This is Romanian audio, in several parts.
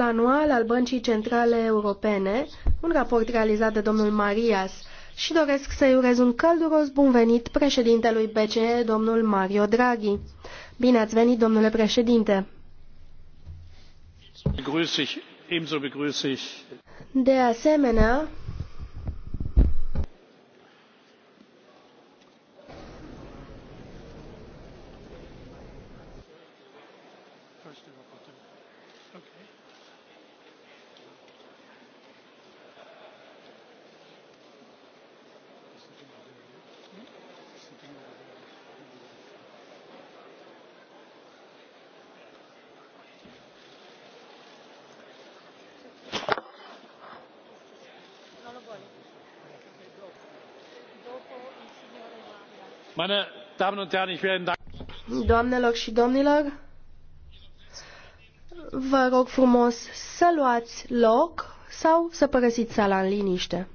anual al Băncii Centrale Europene, un raport realizat de domnul Marias, și doresc să-i urez un călduros bun venit președintelui BCE, domnul Mario Draghi. Bine ați venit, domnule președinte! De asemenea, Doamnelor și domnilor, vă rog frumos să luați loc sau să părăsiți sala în liniște.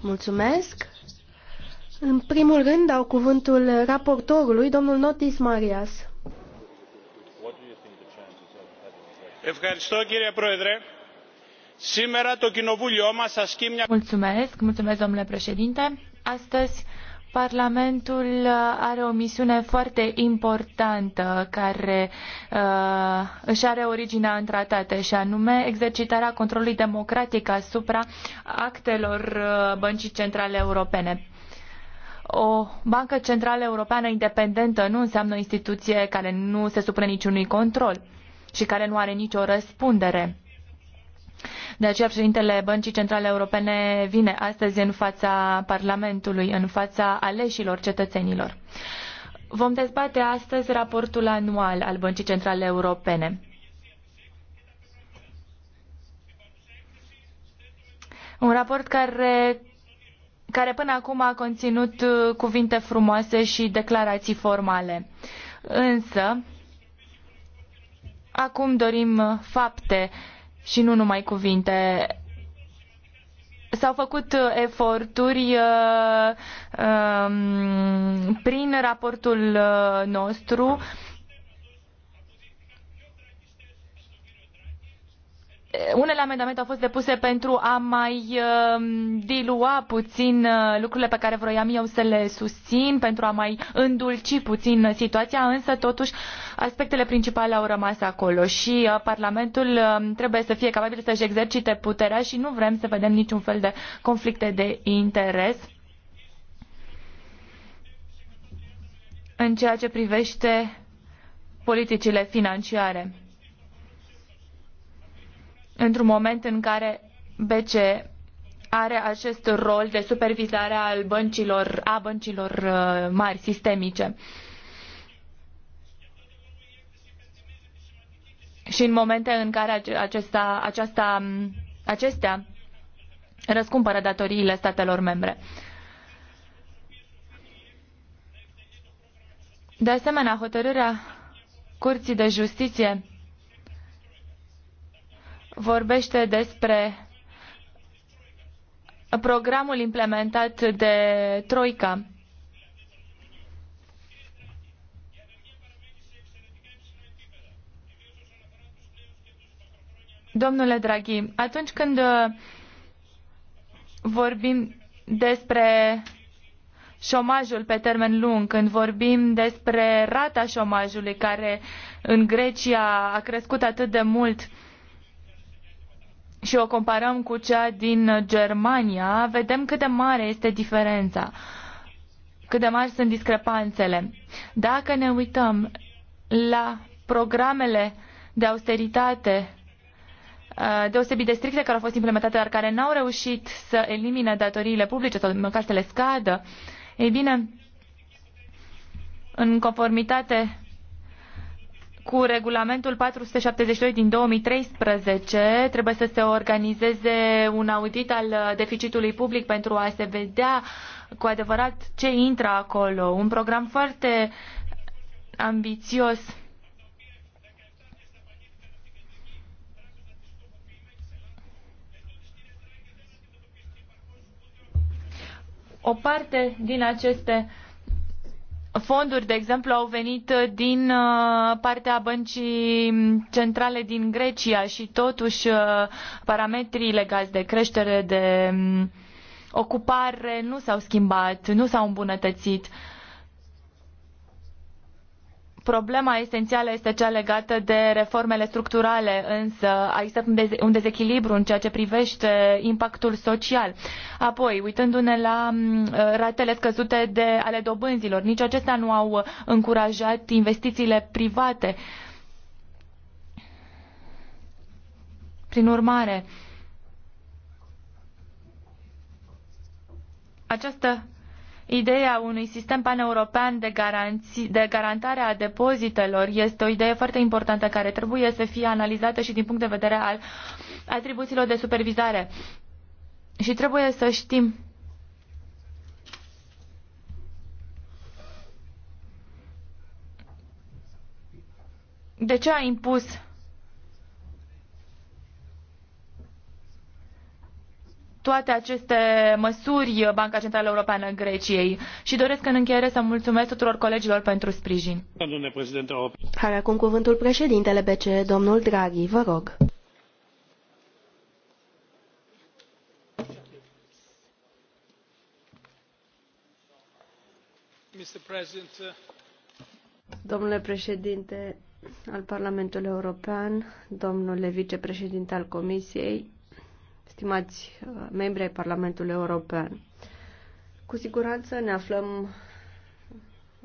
Mulțumesc. În primul rând dau cuvântul raportorului, domnul Notis Marias. Ευχαριστώ κύριε Πρόεδρε. Mulțumesc, domnule președinte. Astăzi Parlamentul are o misiune foarte importantă care uh, își are originea în tratate și anume exercitarea controlului democratic asupra actelor uh, Băncii Centrale Europene. O bancă centrală europeană independentă nu înseamnă o instituție care nu se supune niciunui control și care nu are nicio răspundere de aceea președintele Băncii Centrale Europene vine astăzi în fața Parlamentului, în fața aleșilor cetățenilor. Vom dezbate astăzi raportul anual al Băncii Centrale Europene. Un raport care, care până acum a conținut uh, cuvinte frumoase și declarații formale. Însă, acum dorim fapte și nu numai cuvinte. S-au făcut uh, eforturi uh, um, prin raportul uh, nostru uh, Eh, unele amendamente au fost depuse pentru a mai ehm, dilua puțin eh, lucrurile pe care vroiam eu să le susțin, pentru a mai îndulci puțin situația, însă totuși aspectele principale au rămas acolo și eh, Parlamentul ehm, trebuie să fie capabil să-și exercite puterea și nu vrem să vedem niciun fel de conflicte de interes. în ceea ce privește politicile financiare într-un moment în care BCE are acest rol de supervizare al băncilor, a băncilor uh, mari sistemice. Și în momente în care acesta, aceasta, acestea răscumpără datoriile statelor membre. De asemenea, hotărârea Curții de Justiție vorbește despre programul implementat de Troica. Domnule Draghi, atunci când uh, vorbim despre șomajul pe termen lung, când vorbim despre rata șomajului care în Grecia a crescut atât de mult, uh, și o comparăm cu cea din Germania, vedem cât de mare este diferența, cât de mari sunt discrepanțele. Dacă ne uităm la programele de austeritate uh, deosebit de stricte care au fost implementate, dar care n-au reușit să elimine datoriile publice sau măcar să le scadă, ei bine, în conformitate cu regulamentul 472 din 2013 trebuie să se organizeze un audit al deficitului public pentru a se vedea cu adevărat ce intră acolo. Un program foarte ambițios. O parte din aceste uh, fonduri, de exemplu, au venit uh, din uh, partea băncii mm, centrale din Grecia și totuși uh, parametrii legați de creștere, de mm, ocupare nu s-au schimbat, nu s-au îmbunătățit. Uh, Problema esențială este cea legată de reformele structurale, însă a existat un dezechilibru în ceea ce privește impactul social. Apoi, uitându-ne la mm, ratele scăzute de ale dobânzilor, nici acestea nu au încurajat investițiile private. Prin urmare, această Ideea unui sistem paneuropean de, garanții, de garantare a depozitelor este o idee foarte importantă care trebuie să fie analizată și din punct de vedere al atribuțiilor de supervizare. Și trebuie să știm de ce a impus toate aceste măsuri Banca Centrală Europeană Greciei și doresc în încheiere să mulțumesc tuturor colegilor pentru sprijin. Domnule președinte, acum cuvântul președintele BCE, domnul Draghi, vă rog. Uh, domnule președinte al Parlamentului European, domnule vicepreședinte al Comisiei, stimați uh, membri ai Parlamentului European. Cu siguranță ne aflăm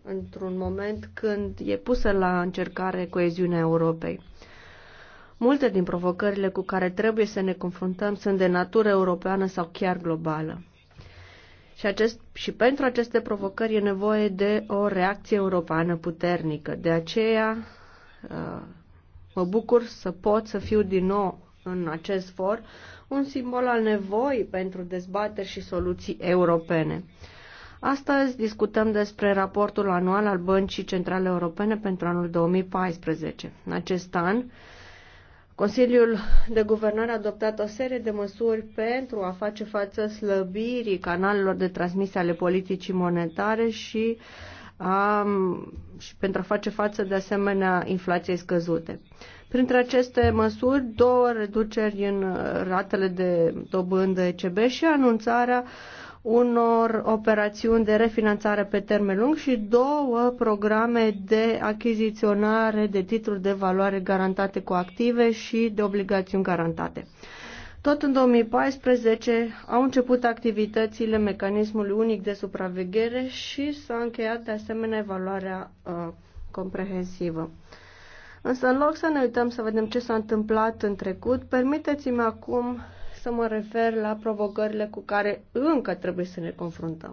într-un moment când e pusă la încercare coeziunea Europei. Multe din provocările cu care trebuie să ne confruntăm sunt de natură europeană sau chiar globală. Și, acest, și pentru aceste provocări e nevoie de o reacție europeană puternică. De aceea uh, mă bucur să pot să fiu din nou în acest for un simbol al nevoii pentru dezbateri și soluții europene. Astăzi discutăm despre raportul anual al Băncii Centrale Europene pentru anul 2014. În acest an, Consiliul de Guvernare a adoptat o serie de măsuri pentru a face față slăbirii canalelor de transmisie ale politicii monetare și, a, și pentru a face față de asemenea inflației scăzute. Printre aceste măsuri, două reduceri în ratele de dobândă ECB și anunțarea unor operațiuni de refinanțare pe termen lung și două programe de achiziționare de titluri de valoare garantate cu active și de obligațiuni garantate. Tot în 2014 au început activitățile mecanismului unic de supraveghere și s-a încheiat de asemenea evaluarea uh, comprehensivă. Însă, în loc să ne uităm să vedem ce s-a întâmplat în trecut, permiteți-mi acum să mă refer la provocările cu care încă trebuie să ne confruntăm.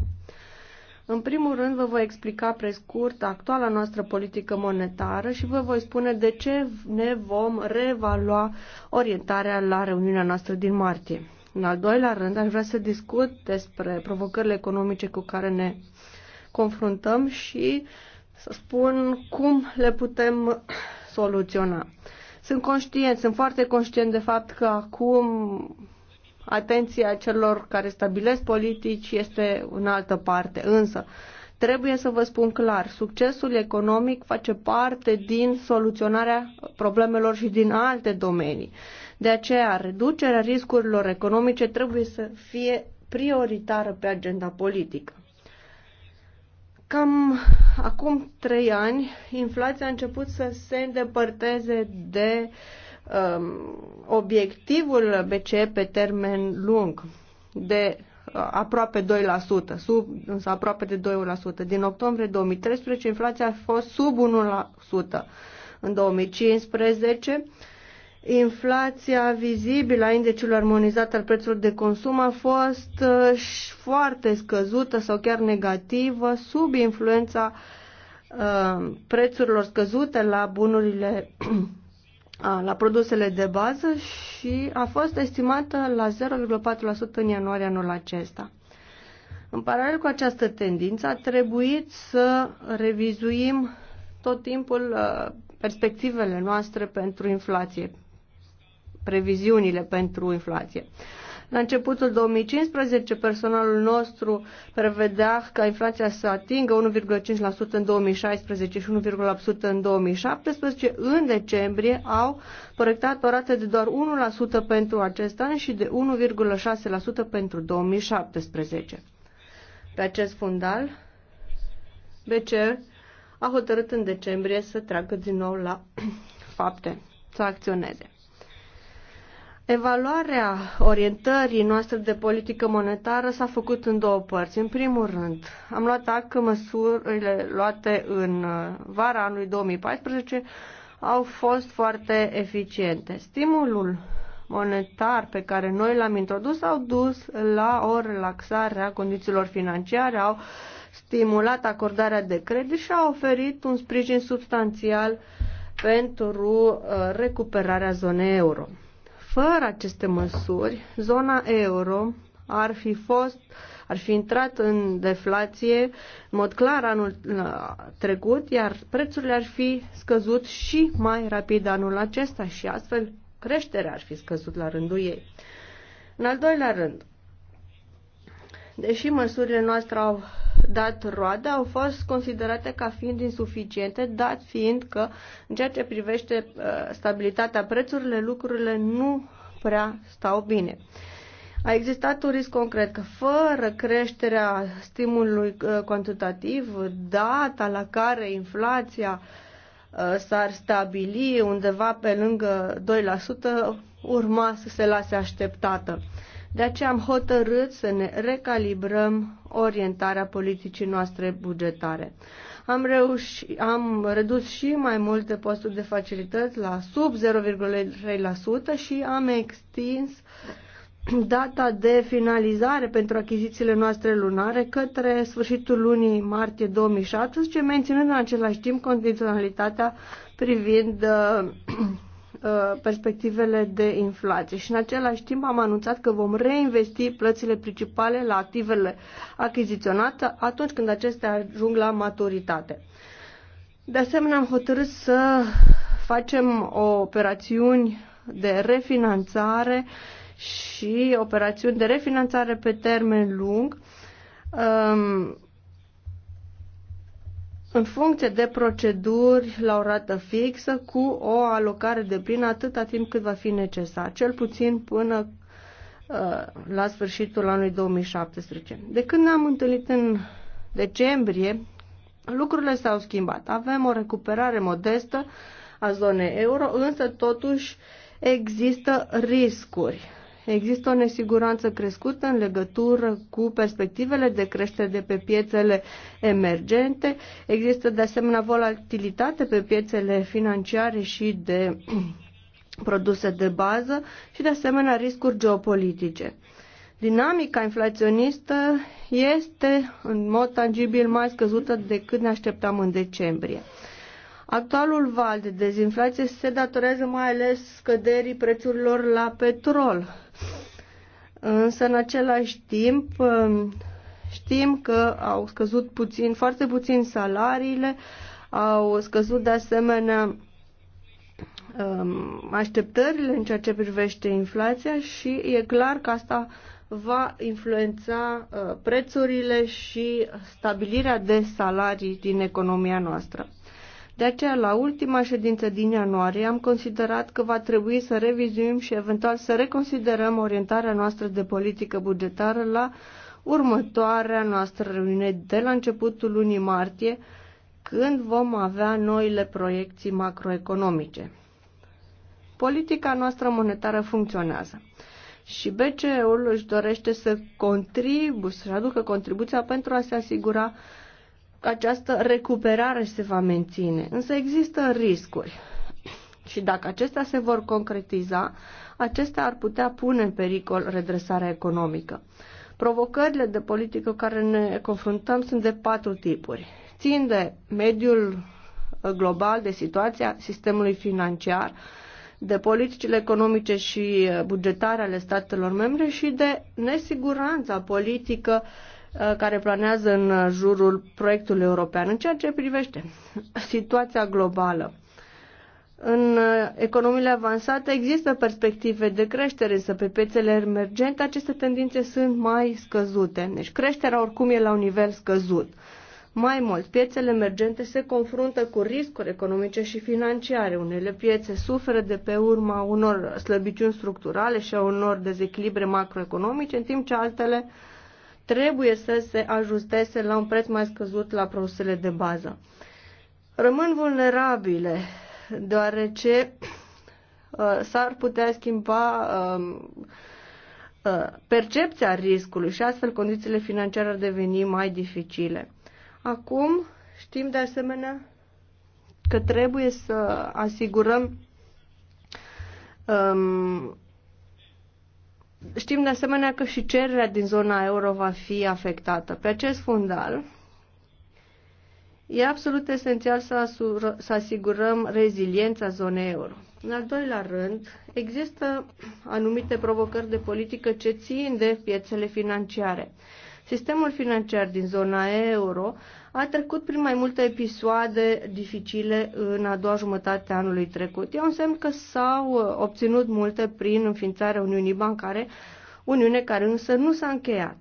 În primul rând, vă voi explica pe scurt actuala noastră politică monetară și vă voi spune de ce ne vom reevalua orientarea la reuniunea noastră din martie. În al doilea rând, aș vrea să discut despre provocările economice cu care ne confruntăm și să spun cum le putem soluționa. Sunt conștient, sunt foarte conștient de fapt că acum atenția celor care stabilesc politici este în altă parte, însă trebuie să vă spun clar, succesul economic face parte din soluționarea problemelor și din alte domenii. De aceea, reducerea riscurilor economice trebuie să fie prioritară pe agenda politică. Cam acum trei ani, inflația a început să se îndepărteze de um, obiectivul BCE pe termen lung, de uh, aproape 2%, sub, însă aproape de 2%. Din octombrie 2013, inflația a fost sub 1%. În 2015, Inflația vizibilă a indicilor armonizat al prețurilor de consum a fost uh, foarte scăzută sau chiar negativă sub influența uh, prețurilor scăzute la bunurile la produsele de bază și a fost estimată la 0,4% în ianuarie anul acesta. În paralel cu această tendință, a trebuit să revizuim tot timpul uh, perspectivele noastre pentru inflație, previziunile pentru inflație. La începutul 2015, personalul nostru prevedea ca inflația să atingă 1,5% în 2016 și 1,8% în 2017. În decembrie au proiectat o rată de doar 1% pentru acest an și de 1,6% pentru 2017. Pe acest fundal, BCE a hotărât în decembrie să treacă din nou la fapte, să acționeze. Evaluarea orientării noastre de politică monetară s-a făcut în două părți. În primul rând, am luat act că măsurile luate în uh, vara anului 2014 au fost foarte eficiente. Stimulul monetar pe care noi l-am introdus au dus la o relaxare a condițiilor financiare, au stimulat acordarea de credit și au oferit un sprijin substanțial pentru uh, recuperarea zonei euro. Fără aceste măsuri, zona euro ar fi fost, ar fi intrat în deflație în mod clar anul trecut, iar prețurile ar fi scăzut și mai rapid anul acesta și astfel creșterea ar fi scăzut la rândul ei. În al doilea rând, deși măsurile noastre au dat roade au fost considerate ca fiind insuficiente, dat fiind că în ceea ce privește uh, stabilitatea prețurile, lucrurile nu prea stau bine. A existat un risc concret că fără creșterea stimulului uh, cantitativ, data la care inflația uh, s-ar stabili undeva pe lângă 2%, urma să se lase așteptată. De aceea am hotărât să ne recalibrăm orientarea politicii noastre bugetare. Am, reușit, am redus și mai multe posturi de facilități la sub 0,3% și am extins data de finalizare pentru achizițiile noastre lunare către sfârșitul lunii martie 2017, menținând în același timp condiționalitatea privind uh, Uh, perspectivele de inflație și în același timp am anunțat că vom reinvesti plățile principale la activele achiziționate atunci când acestea ajung la maturitate. De asemenea, am hotărât să facem o operațiuni de refinanțare și operațiuni de refinanțare pe termen lung um, în funcție de proceduri la o rată fixă cu o alocare de plină atâta timp cât va fi necesar, cel puțin până uh, la sfârșitul anului 2017. De când ne-am întâlnit în decembrie, lucrurile s-au schimbat. Avem o recuperare modestă a zonei euro, însă totuși există riscuri Există o nesiguranță crescută în legătură cu perspectivele de creștere de pe piețele emergente. Există de asemenea volatilitate pe piețele financiare și de produse de bază și de asemenea riscuri geopolitice. Dinamica inflaționistă este în mod tangibil mai scăzută decât ne așteptam în decembrie. Actualul val de dezinflație se datorează mai ales scăderii prețurilor la petrol. Însă, în același timp, um, știm că au scăzut puțin, foarte puțin salariile, au scăzut de asemenea um, așteptările în ceea ce privește inflația și e clar că asta va influența uh, prețurile și stabilirea de salarii din economia noastră. De aceea, la ultima ședință din ianuarie, am considerat că va trebui să revizuim și eventual să reconsiderăm orientarea noastră de politică bugetară la următoarea noastră reuniune de la începutul lunii martie, când vom avea noile proiecții macroeconomice. Politica noastră monetară funcționează și BCE-ul își dorește să contribuie, să aducă contribuția pentru a se asigura că această recuperare se va menține. Însă există riscuri. Și dacă acestea se vor concretiza, acestea ar putea pune în pericol redresarea economică. Provocările de politică care ne confruntăm sunt de patru tipuri. Țin de mediul global, de situația sistemului financiar, de politicile economice și bugetare ale statelor membre și de nesiguranța politică uh, Uh, care planează în uh, jurul proiectului european în ceea ce privește situația globală. În uh, economiile avansate există perspective de creștere, însă pe piețele emergente aceste tendințe sunt mai scăzute. Deci creșterea oricum e la un nivel scăzut. Mai mult, piețele emergente se confruntă cu riscuri economice și financiare. Unele piețe suferă de pe urma unor slăbiciuni structurale și a unor dezechilibre macroeconomice, în timp ce altele uh, trebuie să se ajusteze la un preț mai scăzut la produsele de bază. Rămân vulnerabile, deoarece uh, s-ar putea schimba uh, uh, percepția riscului și astfel condițiile financiare ar deveni mai dificile. Acum știm de asemenea că trebuie să asigurăm um, Știm de asemenea că și cererea din zona euro va fi afectată. Pe acest fundal, e absolut esențial să, asur- să asigurăm reziliența zonei euro. În al doilea rând, există anumite provocări de politică ce țin de piețele financiare. Sistemul financiar din zona euro a trecut prin mai multe episoade dificile în a doua jumătate a anului trecut. E un semn că s-au uh, obținut multe prin înființarea Uniunii Bancare, Uniune care însă nu s-a încheiat.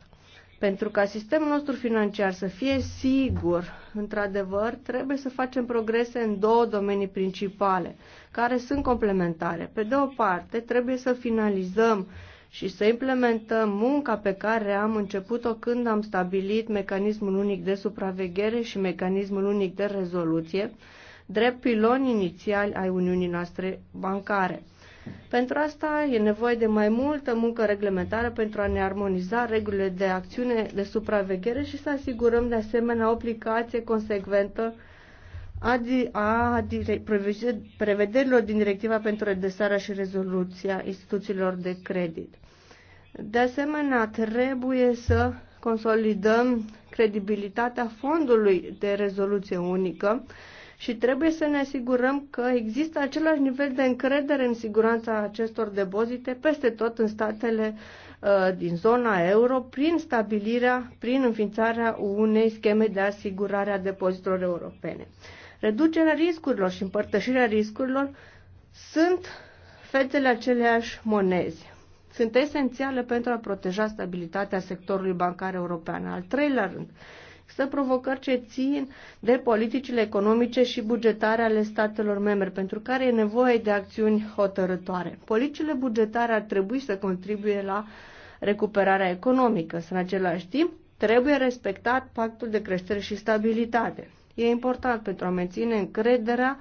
Pentru ca sistemul nostru financiar să fie sigur, într-adevăr, trebuie să facem progrese în două domenii principale, care sunt complementare. Pe de o parte, trebuie să finalizăm uh, și să implementăm munca pe care am început-o când am stabilit mecanismul unic de supraveghere și mecanismul unic de rezoluție, drept piloni inițiali ai Uniunii noastre bancare. Pentru asta e nevoie de mai multă muncă reglementară pentru a ne armoniza regulile de acțiune de supraveghere și să asigurăm de asemenea o aplicație consecventă a, a prevederilor din directiva pentru redresarea și rezoluția instituțiilor de credit. De asemenea, trebuie să consolidăm credibilitatea fondului de rezoluție unică și trebuie să ne asigurăm că există același nivel de încredere în siguranța acestor depozite peste tot în statele uh, din zona euro prin stabilirea, prin înființarea unei scheme de asigurare a depozitelor europene. Reducerea riscurilor și împărtășirea riscurilor sunt fețele aceleași monezi. Sunt esențiale pentru a proteja stabilitatea sectorului bancar european. Al treilea rând, să provocări ce țin de politicile economice și bugetare ale statelor membre, pentru care e nevoie de acțiuni hotărătoare. Politicile bugetare ar trebui să contribuie la recuperarea economică, să în același timp trebuie respectat pactul de creștere și stabilitate. E important pentru a menține încrederea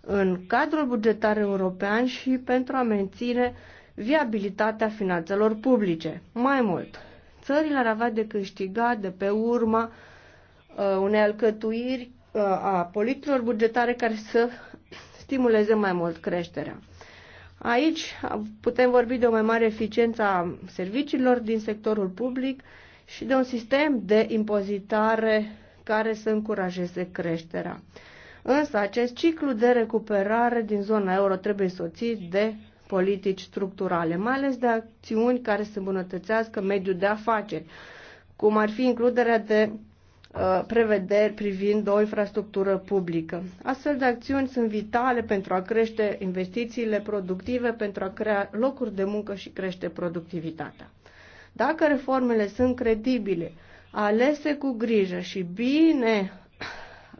în cadrul bugetar european și pentru a menține viabilitatea finanțelor publice. Mai mult, țările ar avea de câștigat de pe urma uh, unei alcătuiri uh, a politicilor bugetare care să stimuleze mai mult creșterea. Aici putem vorbi de o mai mare eficiență a serviciilor din sectorul public și de un sistem de impozitare care să încurajeze creșterea. Însă acest ciclu de recuperare din zona euro trebuie soțit de politici structurale, mai ales de acțiuni care să îmbunătățească mediul de afaceri, cum ar fi includerea de uh, prevederi privind o infrastructură publică. Astfel de acțiuni sunt vitale pentru a crește investițiile productive, pentru a crea locuri de muncă și crește productivitatea. Dacă reformele sunt credibile, alese cu grijă și bine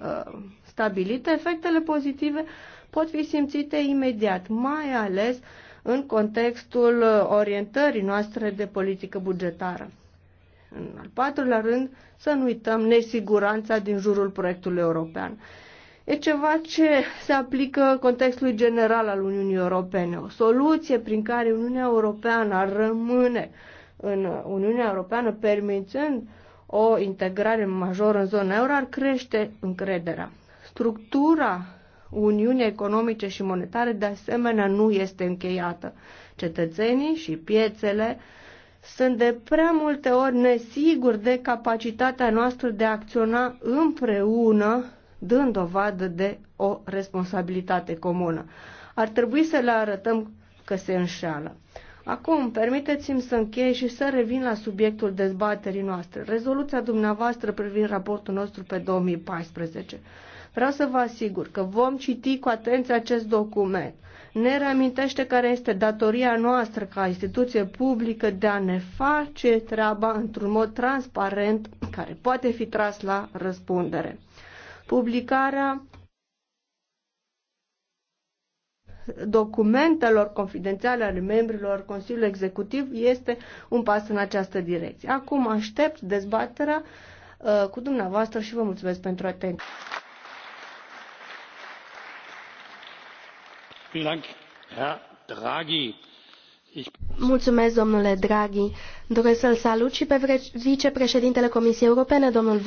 uh, stabilite, efectele pozitive pot fi simțite imediat, mai ales în contextul uh, orientării noastre de politică bugetară. În al patrulea rând, să nu uităm nesiguranța din jurul proiectului european. E ceva ce se aplică contextului general al Uniunii Europene. O soluție prin care Uniunea Europeană ar rămâne în Uniunea Europeană, permițând uh, o integrare majoră în zona euro ar crește încrederea. Structura Uniunii Economice și Monetare de asemenea nu este încheiată. Cetățenii și piețele sunt de prea multe ori nesiguri de capacitatea noastră de a acționa împreună, dând dovadă de o responsabilitate comună. Ar trebui să le arătăm că se înșeală. Acum, permiteți-mi să închei și să revin la subiectul dezbaterii noastre, rezoluția dumneavoastră privind raportul nostru pe 2014. Vreau să vă asigur că vom citi cu atenție acest document. Ne reamintește care este datoria noastră ca instituție publică de a ne face treaba într-un mod transparent care poate fi tras la răspundere. Publicarea documentelor confidențiale ale membrilor Consiliului Executiv este un pas în această direcție. Acum aștept dezbaterea uh, cu dumneavoastră și vă mulțumesc pentru atenție. Mulțumesc, domnule Draghi. Doresc să-l salut și pe vicepreședintele Comisiei Europene, domnul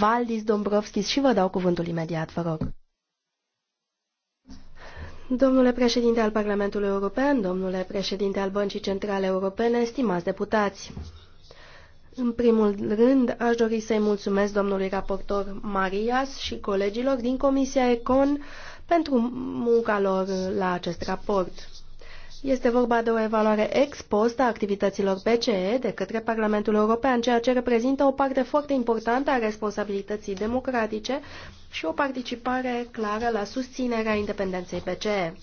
Valdis Dombrovskis, și vă dau cuvântul imediat, vă rog. Domnule președinte al Parlamentului European, domnule președinte al Băncii Centrale Europene, stimați deputați, în primul rând, aș dori să-i mulțumesc domnului raportor Marias și colegilor din Comisia Econ pentru munca lor la acest raport. Este vorba de o evaluare ex post a activităților BCE de către Parlamentul European, ceea ce reprezintă o parte foarte importantă a responsabilității democratice și o participare clară la susținerea independenței BCE.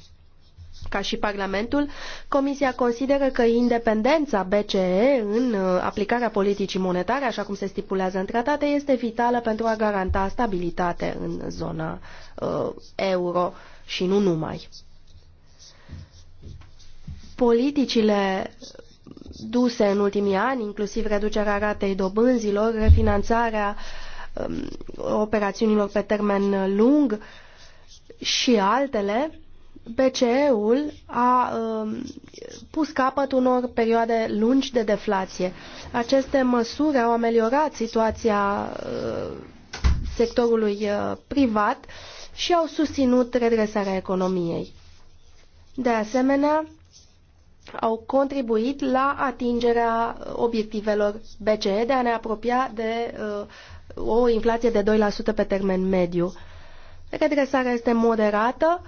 Ca și Parlamentul, Comisia consideră că independența BCE în uh, aplicarea politicii monetare, așa cum se stipulează în tratate, este vitală pentru a garanta stabilitate în zona uh, euro și nu numai. Politicile duse în ultimii ani, inclusiv reducerea ratei dobânzilor, refinanțarea uh, Um, operațiunilor pe termen lung și altele, BCE-ul a um, pus capăt unor perioade lungi de deflație. Aceste măsuri au ameliorat situația uh, sectorului uh, privat și au susținut redresarea economiei. De asemenea, au contribuit la atingerea obiectivelor BCE de a ne apropia de uh, o inflație de 2% pe termen mediu. Redresarea deci, adică este moderată,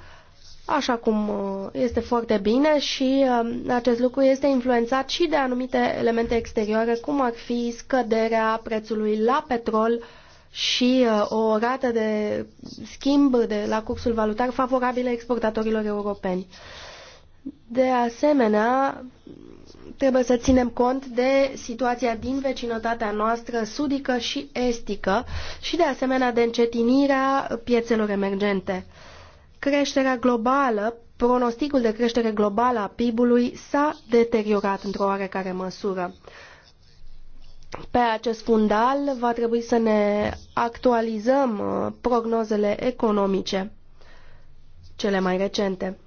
așa cum uh, este foarte bine și uh, acest lucru este influențat și de anumite elemente exterioare, cum ar fi scăderea prețului la petrol și uh, o rată de schimb de la cursul valutar favorabilă exportatorilor europeni. De asemenea, trebuie să ținem cont de situația din vecinătatea noastră sudică și estică și de asemenea de încetinirea piețelor emergente. Creșterea globală, pronosticul de creștere globală a PIB-ului s-a deteriorat într-o oarecare măsură. Pe acest fundal va trebui să ne actualizăm uh, prognozele economice cele mai recente.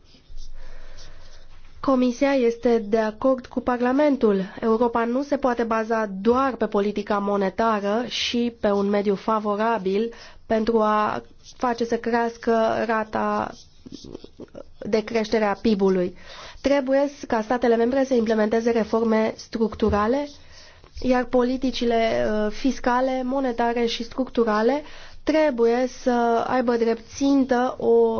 Comisia este de acord cu Parlamentul. Europa nu se poate baza doar pe politica monetară și pe un mediu favorabil pentru a face să crească rata de creștere a PIB-ului. Trebuie ca statele membre să implementeze reforme structurale, iar politicile uh, fiscale, monetare și structurale trebuie să aibă drept țintă o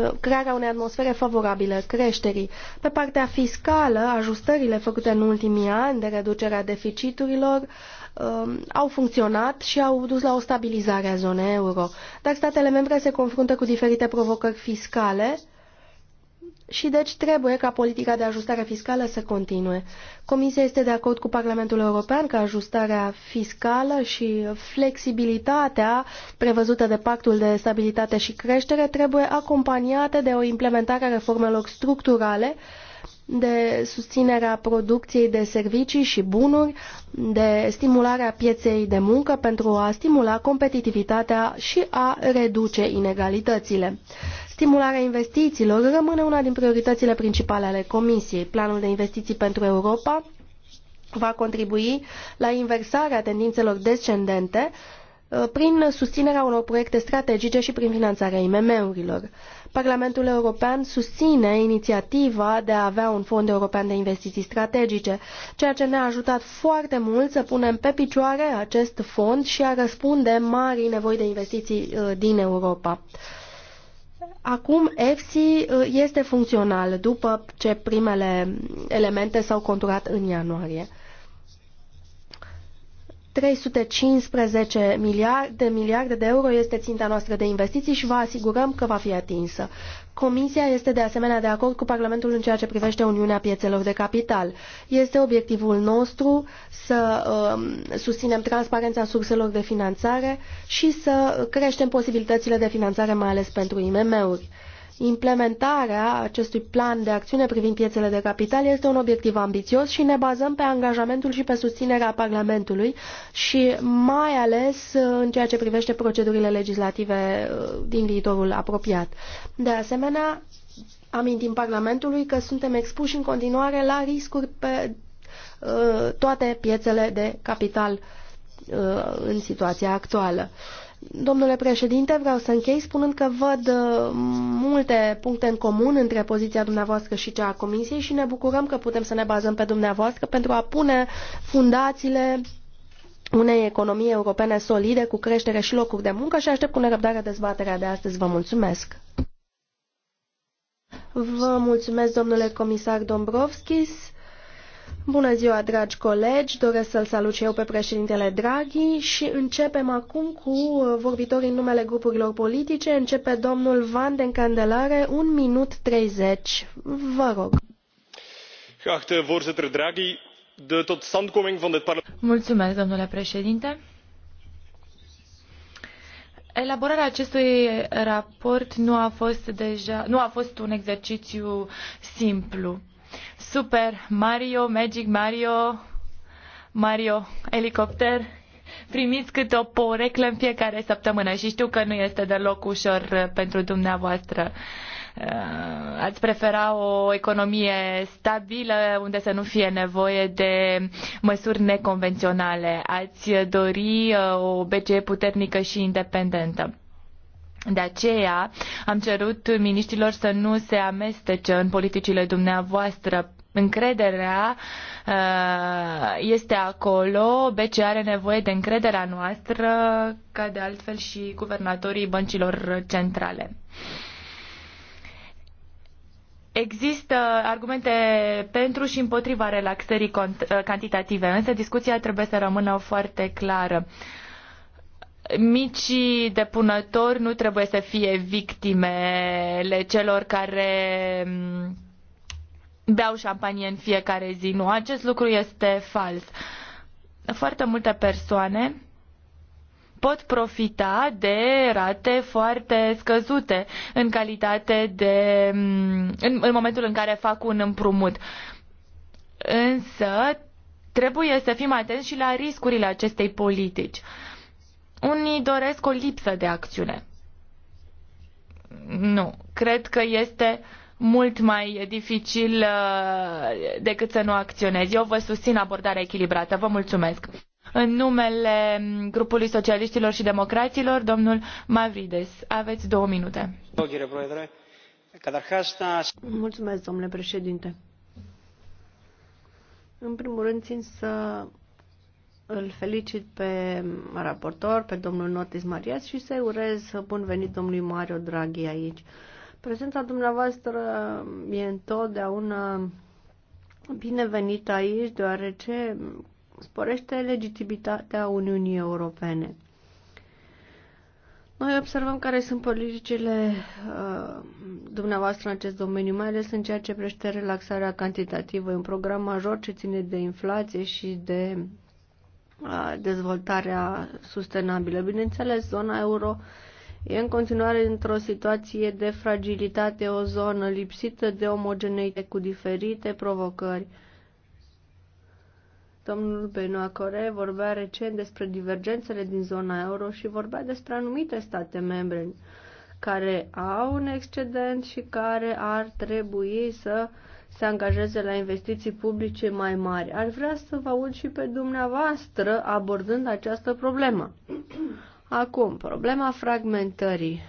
Uh, crearea unei atmosfere favorabile creșterii. Pe partea fiscală, ajustările făcute în ultimii ani de reducerea deficiturilor um, au funcționat și au dus la o stabilizare a zonei euro. Dar statele membre se confruntă cu diferite provocări fiscale și deci trebuie ca politica de ajustare fiscală să continue. Comisia este de acord cu Parlamentul European că ajustarea fiscală și flexibilitatea prevăzută de Pactul de Stabilitate și Creștere trebuie acompaniate de o implementare a reformelor structurale, de susținerea producției de servicii și bunuri, de stimularea pieței de muncă pentru a stimula competitivitatea și a reduce inegalitățile. Stimularea investițiilor rămâne una din prioritățile principale ale Comisiei. Planul de investiții pentru Europa va contribui la inversarea tendințelor descendente uh, prin susținerea unor proiecte strategice și prin finanțarea IMM-urilor. Parlamentul European susține inițiativa de a avea un fond european de investiții strategice, ceea ce ne-a ajutat foarte mult să punem pe picioare acest fond și a răspunde marii nevoi de investiții uh, din Europa acum EFSI uh, este funcțional după ce primele elemente s-au conturat în ianuarie. 315 miliarde, miliarde de euro este ținta noastră de investiții și vă asigurăm că va fi atinsă. Comisia este de asemenea de acord cu Parlamentul în ceea ce privește Uniunea Piețelor de Capital. Este obiectivul nostru să um, susținem transparența surselor de finanțare și să creștem posibilitățile de finanțare, mai ales pentru IMM-uri. Implementarea acestui plan de acțiune privind piețele de capital este un obiectiv ambițios și ne bazăm pe angajamentul și pe susținerea Parlamentului și mai ales în ceea ce privește procedurile legislative uh, din viitorul apropiat. De asemenea, amintim Parlamentului că suntem expuși în continuare la riscuri pe uh, toate piețele de capital uh, în situația actuală. Domnule președinte, vreau să închei spunând că văd uh, multe puncte în comun între poziția dumneavoastră și cea a Comisiei și ne bucurăm că putem să ne bazăm pe dumneavoastră pentru a pune fundațiile unei economii europene solide cu creștere și locuri de muncă și aștept cu nerăbdare dezbaterea de astăzi. Vă mulțumesc! Vă mulțumesc, domnule comisar Dombrovskis. Bună ziua, dragi colegi! Doresc să-l salut și eu pe președintele Draghi și începem acum cu uh, vorbitorii în numele grupurilor politice. Începe domnul Van den Candelare, 1 minut 30. Vă rog. Geachte voorzitter Draghi, de totstandkoming van dit Mulțumesc, domnule președinte. Elaborarea acestui raport nu a fost deja, nu a fost un exercițiu simplu Super Mario, Magic Mario, Mario Helicopter. Primiți câte o poreclă în fiecare săptămână și știu că nu este deloc ușor uh, pentru dumneavoastră. Uh, ați prefera o economie stabilă unde să nu fie nevoie de măsuri neconvenționale. Ați dori uh, o BCE puternică și independentă. De aceea am cerut miniștilor să nu se amestece în politicile dumneavoastră încrederea uh, este acolo, BCE are nevoie de încrederea noastră, ca de altfel și guvernatorii băncilor centrale. Există argumente pentru și împotriva relaxării uh, cantitative, însă discuția trebuie să rămână foarte clară. Micii depunători nu trebuie să fie victimele celor care mm, beau șampanie în fiecare zi. Nu, acest lucru este fals. Foarte multe persoane pot profita de rate foarte scăzute în calitate de mm, în, în momentul în care fac un împrumut. Însă trebuie să fim atenți și la riscurile acestei politici. Unii doresc o lipsă de acțiune. Nu, cred că este uh, mult mai dificil uh, decât să nu acționezi. Eu vă susțin abordarea echilibrată. Vă mulțumesc. În numele grupului socialiștilor și democraților, domnul Mavrides, aveți două minute. Mulțumesc, domnule președinte. În primul rând, țin să îl felicit pe raportor, pe domnul Notis Marias și să-i urez bun venit domnului Mario Draghi aici. Prezența dumneavoastră uh, e întotdeauna binevenită aici, deoarece sporește legitimitatea Uniunii Europene. Noi observăm care sunt politicile uh, dumneavoastră în acest domeniu, mai ales în ceea ce prește relaxarea cantitativă. E un program major ce ține de inflație și de uh, dezvoltarea sustenabilă. Bineînțeles, zona euro uh, E în continuare într-o situație de fragilitate, o zonă lipsită de omogeneitate cu diferite provocări. Domnul Benoît Core vorbea recent despre divergențele din zona euro și vorbea despre anumite state membre care au un excedent și care ar trebui să se angajeze la investiții publice mai mari. Aș vrea să vă aud și pe dumneavoastră abordând această problemă. Acum, problema fragmentării.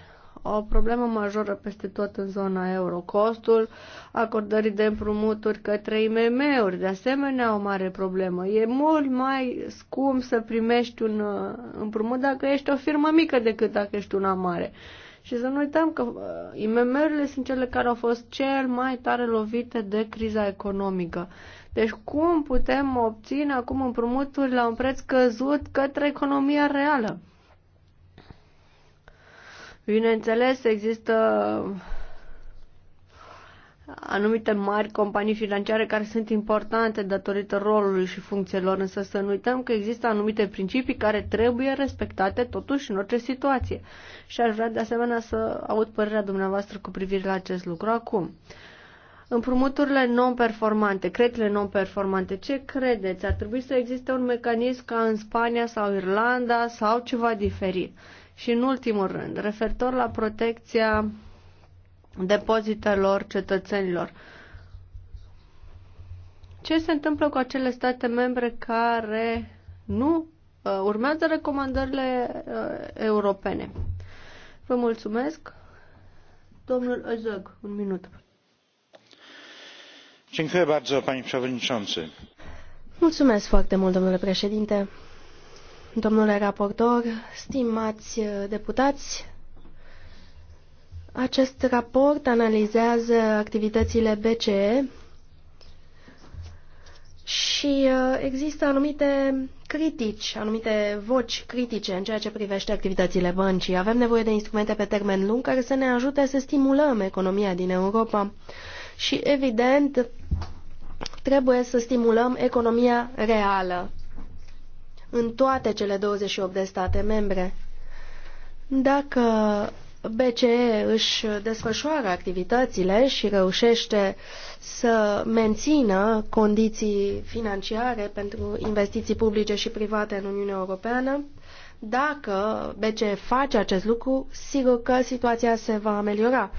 O problemă majoră peste tot în zona euro. Costul acordării de împrumuturi către IMM-uri, de asemenea, o mare problemă. E mult mai scump să primești un uh, împrumut dacă ești o firmă mică decât dacă ești una mare. Și să nu uităm că uh, IMM-urile sunt cele care au fost cel mai tare lovite de criza economică. Deci cum putem obține acum împrumuturi la un preț căzut către economia reală? Bineînțeles, există anumite mari companii financiare care sunt importante datorită rolului și funcțiilor, însă să nu uităm că există anumite principii care trebuie respectate totuși în orice situație. Și aș vrea de asemenea să aud părerea dumneavoastră cu privire la acest lucru acum. Împrumuturile non-performante, creditele non-performante, ce credeți? Ar trebui să existe un mecanism ca în Spania sau Irlanda sau ceva diferit? Și în ultimul rând, referitor la protecția depozitelor cetățenilor. Ce se întâmplă cu acele state membre care nu uh, urmează recomandările uh, europene? Vă mulțumesc. Domnul Ozog, un minut. Mulțumesc foarte mult, domnule președinte domnule raportor, stimați uh, deputați, acest raport analizează activitățile BCE și uh, există anumite critici, anumite voci critice în ceea ce privește activitățile băncii. Avem nevoie de instrumente pe termen lung care să ne ajute să stimulăm economia din Europa și, evident, trebuie să stimulăm economia reală în toate cele 28 de state membre. Dacă BCE își desfășoară activitățile și reușește să mențină condiții financiare pentru investiții publice și private în Uniunea Europeană, dacă BCE face acest lucru, sigur că situația se va ameliora.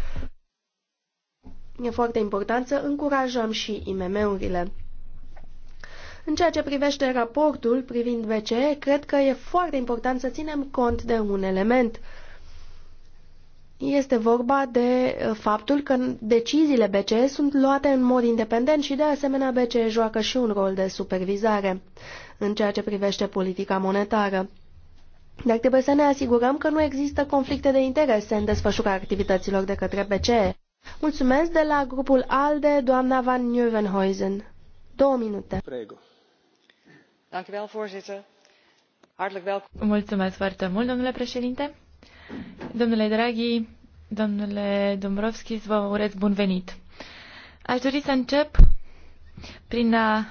E foarte important să încurajăm și IMM-urile. În ceea ce privește raportul privind BCE, cred că e foarte important să ținem cont de un element. Este vorba de uh, faptul că deciziile BCE sunt luate în mod independent și de asemenea BCE joacă și un rol de supervizare în ceea ce privește politica monetară. Dar trebuie să ne asigurăm că nu există conflicte de interese în desfășurarea activităților de către BCE. Mulțumesc de la grupul ALDE, doamna Van Nieuwenhuizen. Două minute. Prego. Mulțumesc foarte mult, domnule președinte. Domnule Draghi, domnule Dombrovskis, vă urez bun venit. Aș dori să încep prin a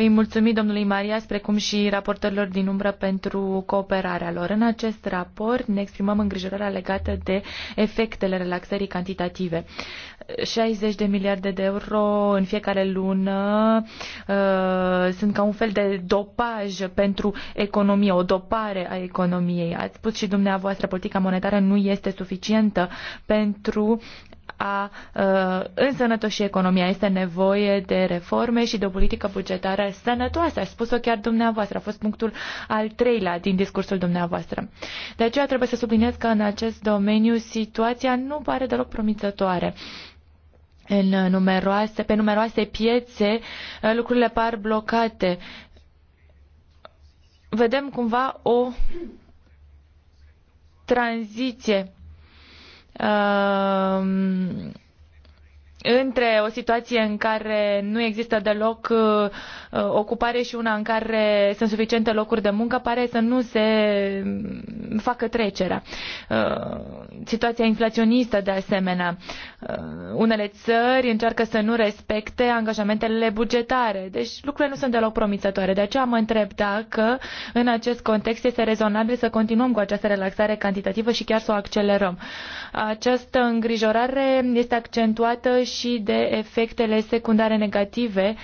îi mulțumim domnului Marias, precum și raportorilor din umbră pentru cooperarea lor. În acest raport ne exprimăm îngrijorarea legată de efectele relaxării cantitative. 60 de miliarde de euro în fiecare lună uh, sunt ca un fel de dopaj pentru economie, o dopare a economiei. Ați spus și dumneavoastră, politica monetară nu este suficientă pentru a uh, însănătoși economia. Este nevoie de reforme și de o politică bugetară sănătoasă. A spus-o chiar dumneavoastră. A fost punctul al treilea din discursul dumneavoastră. De aceea trebuie să subliniez că în acest domeniu situația nu pare deloc promițătoare în numeroase, pe numeroase piețe lucrurile par blocate. Vedem cumva o tranziție uh, între o situație în care nu există deloc uh, uh, ocupare și una în care sunt suficiente locuri de muncă, pare să nu se mm, facă trecerea. Uh, situația inflaționistă, de asemenea. Unele țări încearcă să nu respecte angajamentele bugetare, deci lucrurile nu sunt deloc promițătoare. De aceea mă întreb dacă în acest context este rezonabil să continuăm cu această relaxare cantitativă și chiar să o accelerăm. Această îngrijorare este accentuată și și de efectele secundare negative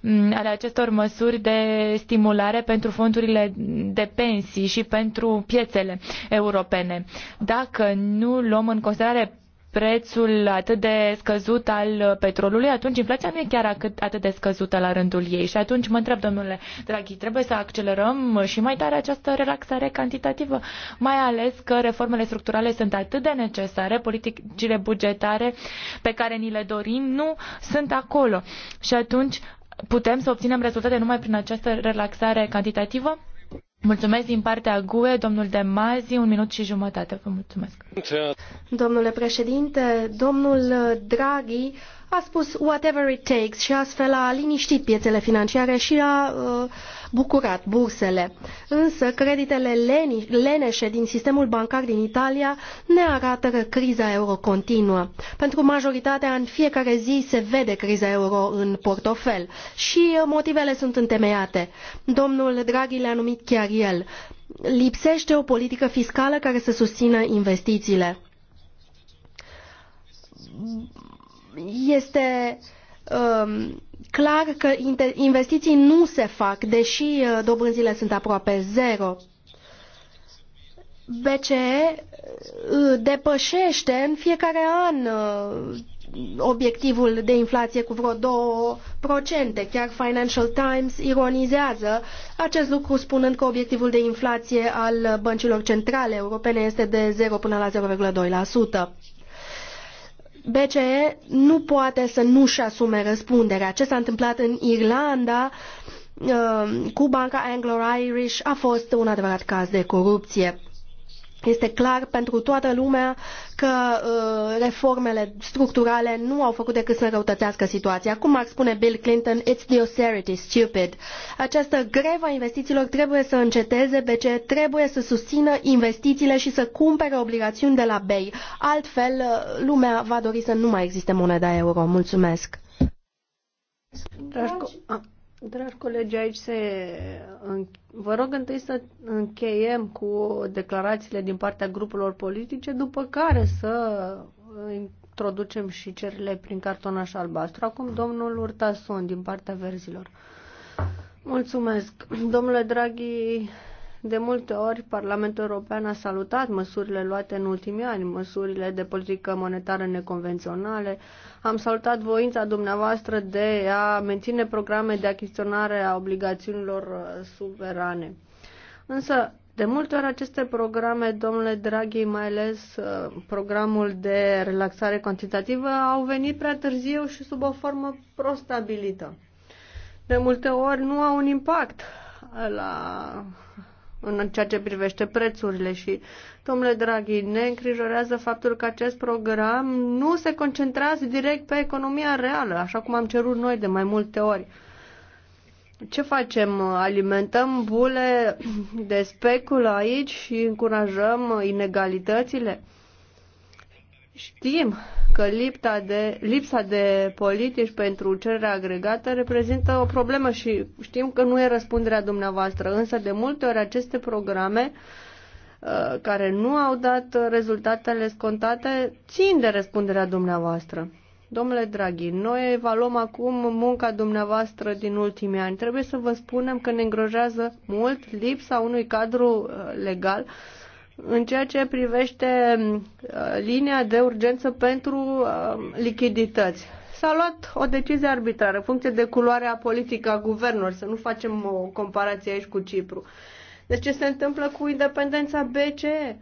mm, ale acestor măsuri de stimulare pentru fondurile de pensii și pentru piețele europene. Dacă nu luăm în considerare prețul atât de scăzut al petrolului, atunci inflația nu e chiar atât de scăzută la rândul ei. Și atunci mă întreb, domnule Draghi, trebuie să accelerăm și mai tare această relaxare cantitativă, mai ales că reformele structurale sunt atât de necesare, politicile bugetare pe care ni le dorim nu sunt acolo. Și atunci putem să obținem rezultate numai prin această relaxare cantitativă? Mulțumesc din partea GUE, domnul de Mazi, un minut și jumătate. Vă mulțumesc. Domnule președinte, domnul Draghi a spus whatever it takes și astfel a liniștit piețele financiare și a uh, bucurat bursele. Însă creditele leneșe din sistemul bancar din Italia ne arată că criza euro continuă. Pentru majoritatea în fiecare zi se vede criza euro în portofel și uh, motivele sunt întemeiate. Domnul Draghi le-a numit chiar el. Lipsește o politică fiscală care să susțină investițiile este um, clar că investiții nu se fac, deși uh, dobânzile sunt aproape zero. BCE uh, depășește în fiecare an uh, obiectivul de inflație cu vreo 2%. Chiar Financial Times ironizează acest lucru spunând că obiectivul de inflație al băncilor centrale europene este de 0 până la 0,2%. BCE nu poate să nu-și asume răspunderea. Ce s-a întâmplat în Irlanda uh, cu banca Anglo-Irish a fost un adevărat caz de corupție. Este clar pentru toată lumea că uh, reformele structurale nu au făcut decât să înrăutățească situația. Cum ar spune Bill Clinton, it's the austerity, stupid. Această grevă a investițiilor trebuie să înceteze, BCE trebuie să susțină investițiile și să cumpere obligațiuni de la BEI. Altfel, uh, lumea va dori să nu mai existe moneda euro. Mulțumesc! Dragi, Dragi colegi, aici se... Vă rog întâi să încheiem cu declarațiile din partea grupurilor politice, după care să introducem și cerile prin cartonaș albastru. Acum domnul Urtason din partea verzilor. Mulțumesc. Domnule Draghi, de multe ori, Parlamentul European a salutat măsurile luate în ultimii ani, măsurile de politică monetară neconvenționale. Am salutat voința dumneavoastră de a menține programe de achiziționare a obligațiunilor uh, suverane. Însă, de multe ori aceste programe, domnule Draghi, mai ales uh, programul de relaxare cantitativă, au venit prea târziu și sub o formă prostabilită. De multe ori nu au un impact la în ceea ce privește prețurile și, domnule Draghi, ne îngrijorează faptul că acest program nu se concentrează direct pe economia reală, așa cum am cerut noi de mai multe ori. Ce facem? Alimentăm bule de speculă aici și încurajăm inegalitățile? Știm că lipta de, lipsa de politici pentru cererea agregată reprezintă o problemă și știm că nu e răspunderea dumneavoastră, însă de multe ori aceste programe uh, care nu au dat rezultatele scontate țin de răspunderea dumneavoastră. Domnule Draghi, noi evaluăm acum munca dumneavoastră din ultimii ani. Trebuie să vă spunem că ne îngrojează mult lipsa unui cadru uh, legal uh, în ceea ce privește uh, linia de urgență pentru uh, lichidități. S-a luat o decizie arbitrară, în funcție de culoarea politică a guvernului, să nu facem o comparație aici cu Cipru. Deci ce se întâmplă cu independența BCE?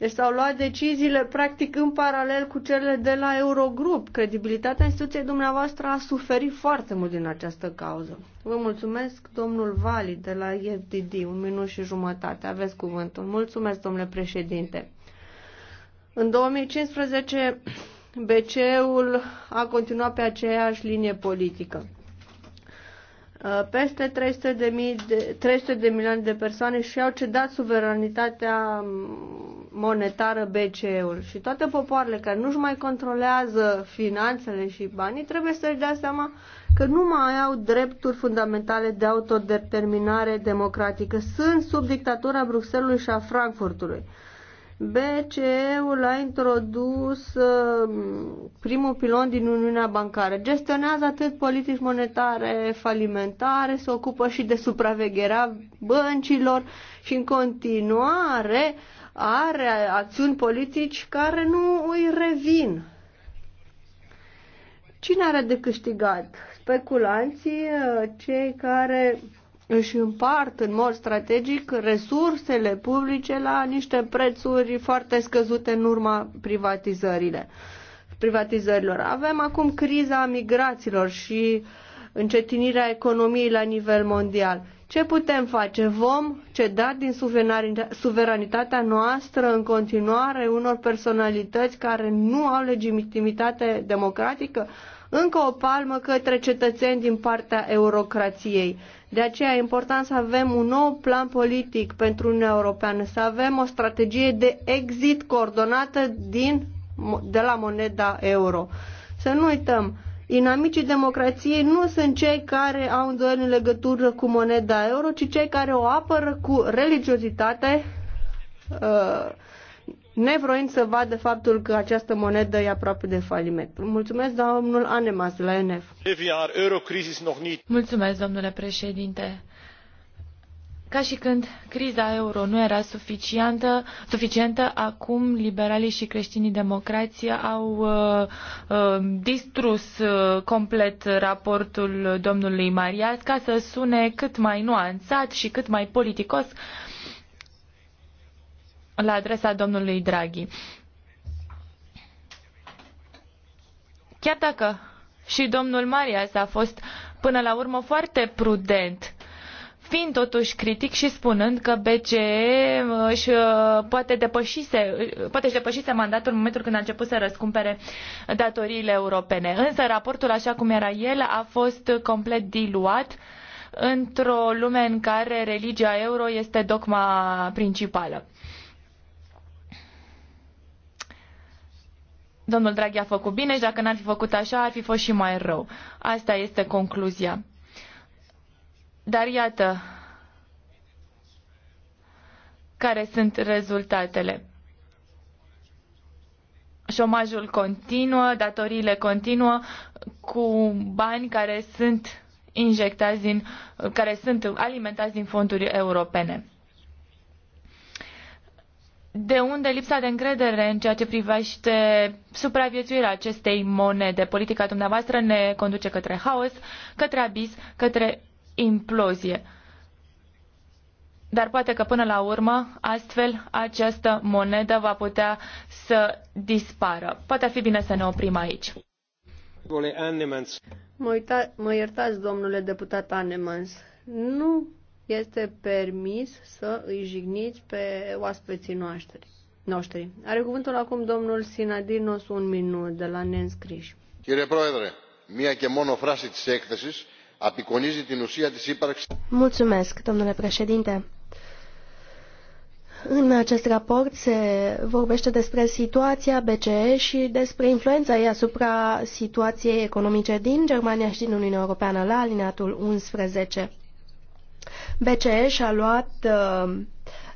Deci s-au luat deciziile practic în paralel cu cele de la Eurogrup. Credibilitatea instituției dumneavoastră a suferit foarte mult din această cauză. Vă mulțumesc, domnul Vali, de la FDD, un minut și jumătate. Aveți cuvântul. Mulțumesc, domnule președinte. În 2015, BCE-ul a continuat pe aceeași linie politică. Uh, peste 300 de, mii de, 300 de milioane de persoane și-au cedat suveranitatea um, monetară BCE-ul și toate popoarele care nu-și mai controlează finanțele și banii trebuie să-și dea seama că nu mai au drepturi fundamentale de autodeterminare democratică. Sunt sub dictatura Bruxellesului și a Frankfurtului. BCE-ul a introdus uh, primul pilon din Uniunea Bancară. Gestionează atât politici monetare falimentare, se ocupă și de supravegherea băncilor și în continuare are acțiuni politici care nu îi revin. Cine are de câștigat? Speculanții, uh, cei care își împart în mod strategic resursele publice la niște prețuri foarte scăzute în urma privatizările. privatizărilor. Avem acum criza migraților și încetinirea economiei la nivel mondial. Ce putem face? Vom ceda din suveranitatea noastră în continuare unor personalități care nu au legitimitate democratică? Încă o palmă către cetățeni din partea eurocrației. De aceea e important să avem un nou plan politic pentru Uniunea Europeană, să avem o strategie de exit coordonată din, de la moneda euro. Să nu uităm, Inamicii democrației nu sunt cei care au îndoieli în legătură cu moneda euro, ci cei care o apără cu religiozitate, uh, nevroind să vadă faptul că această monedă e aproape de faliment. Mulțumesc, domnul Anemas, la NF. Mulțumesc, domnule președinte. Ca și când criza euro nu era suficientă, suficientă acum liberalii și creștinii democrații au uh, uh, distrus uh, complet raportul domnului Marias ca să sune cât mai nuanțat și cât mai politicos la adresa domnului Draghi. Chiar dacă și domnul Marias a fost până la urmă foarte prudent fiind totuși critic și spunând că BCE uh, își uh, poate depășise, uh, poate își depășise mandatul în momentul când a început să răscumpere datoriile europene. Însă raportul așa cum era el a fost complet diluat într-o lume în care religia euro este dogma principală. Domnul Draghi a făcut bine și dacă n-ar fi făcut așa, ar fi fost și mai rău. Asta este concluzia. Dar iată care sunt rezultatele. Șomajul continuă, datoriile continuă cu bani care sunt injectați din, care sunt alimentați din fonduri europene. De unde lipsa de încredere în ceea ce privește supraviețuirea acestei monede? Politica dumneavoastră ne conduce către haos, către abis, către implozie. Dar poate că până la urmă, astfel, această monedă va putea să dispară. Poate ar fi bine să ne oprim aici. Mă, uita, mă iertați, domnule deputat Annemans. Nu este permis să îi jigniți pe oaspeții noștri. noștri. Are cuvântul acum domnul Sinadinos un minut de la neînscriși. Κύριε Πρόεδρε, μία και μόνο φράση της έκθεσης απεικονίζει την ουσία της ύπαρξης... Mulțumesc, domnule președinte. În acest raport se vorbește despre situația BCE și despre influența ei asupra situației economice din Germania și din Uniunea Europeană la alineatul 11. BCE și-a luat uh,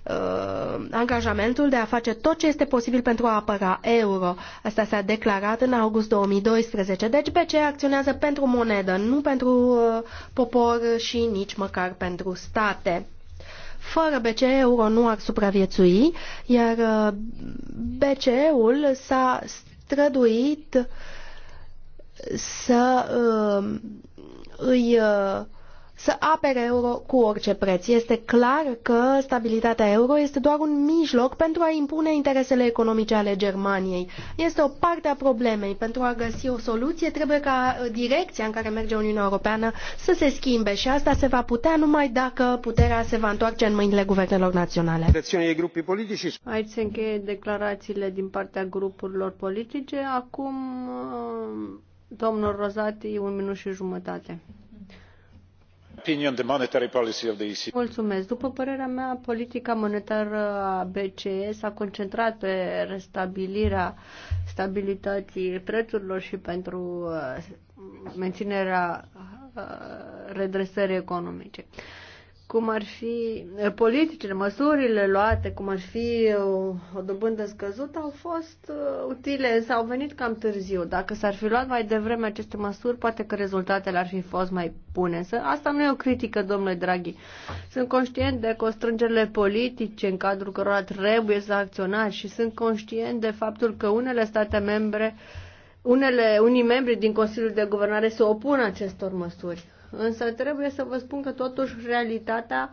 uh, angajamentul de a face tot ce este posibil pentru a apăra euro. Asta s-a declarat în august 2012. Deci BCE acționează pentru monedă, nu pentru uh, popor și nici măcar pentru state. Fără BCE, euro nu ar supraviețui, iar uh, BCE-ul s-a străduit să uh, îi uh, să apere euro cu orice preț. Este clar că stabilitatea euro este doar un mijloc pentru a impune interesele economice ale Germaniei. Este o parte a problemei. Pentru a găsi o soluție trebuie ca direcția în care merge Uniunea Europeană să se schimbe și asta se va putea numai dacă puterea se va întoarce în mâinile guvernelor naționale. Aici se încheie declarațiile din partea grupurilor politice. Acum Domnul Rozati, un minut și jumătate. După părerea mea, politica monetară a BCE s-a concentrat pe restabilirea stabilității prețurilor și pentru uh, menținerea uh, redresării economice cum ar fi eh, politicile, măsurile luate, cum ar fi o, eh, o dobândă scăzută, au fost uh, utile, s-au venit cam târziu. Dacă s-ar fi luat mai devreme aceste măsuri, poate că rezultatele ar fi fost mai bune. Să, asta nu e o critică, domnule Draghi. Sunt conștient de constrângerile politice în cadrul cărora trebuie să acționați și sunt conștient de faptul că unele state membre unele, unii membri din Consiliul de Guvernare se opun acestor măsuri. Însă trebuie să vă spun că totuși realitatea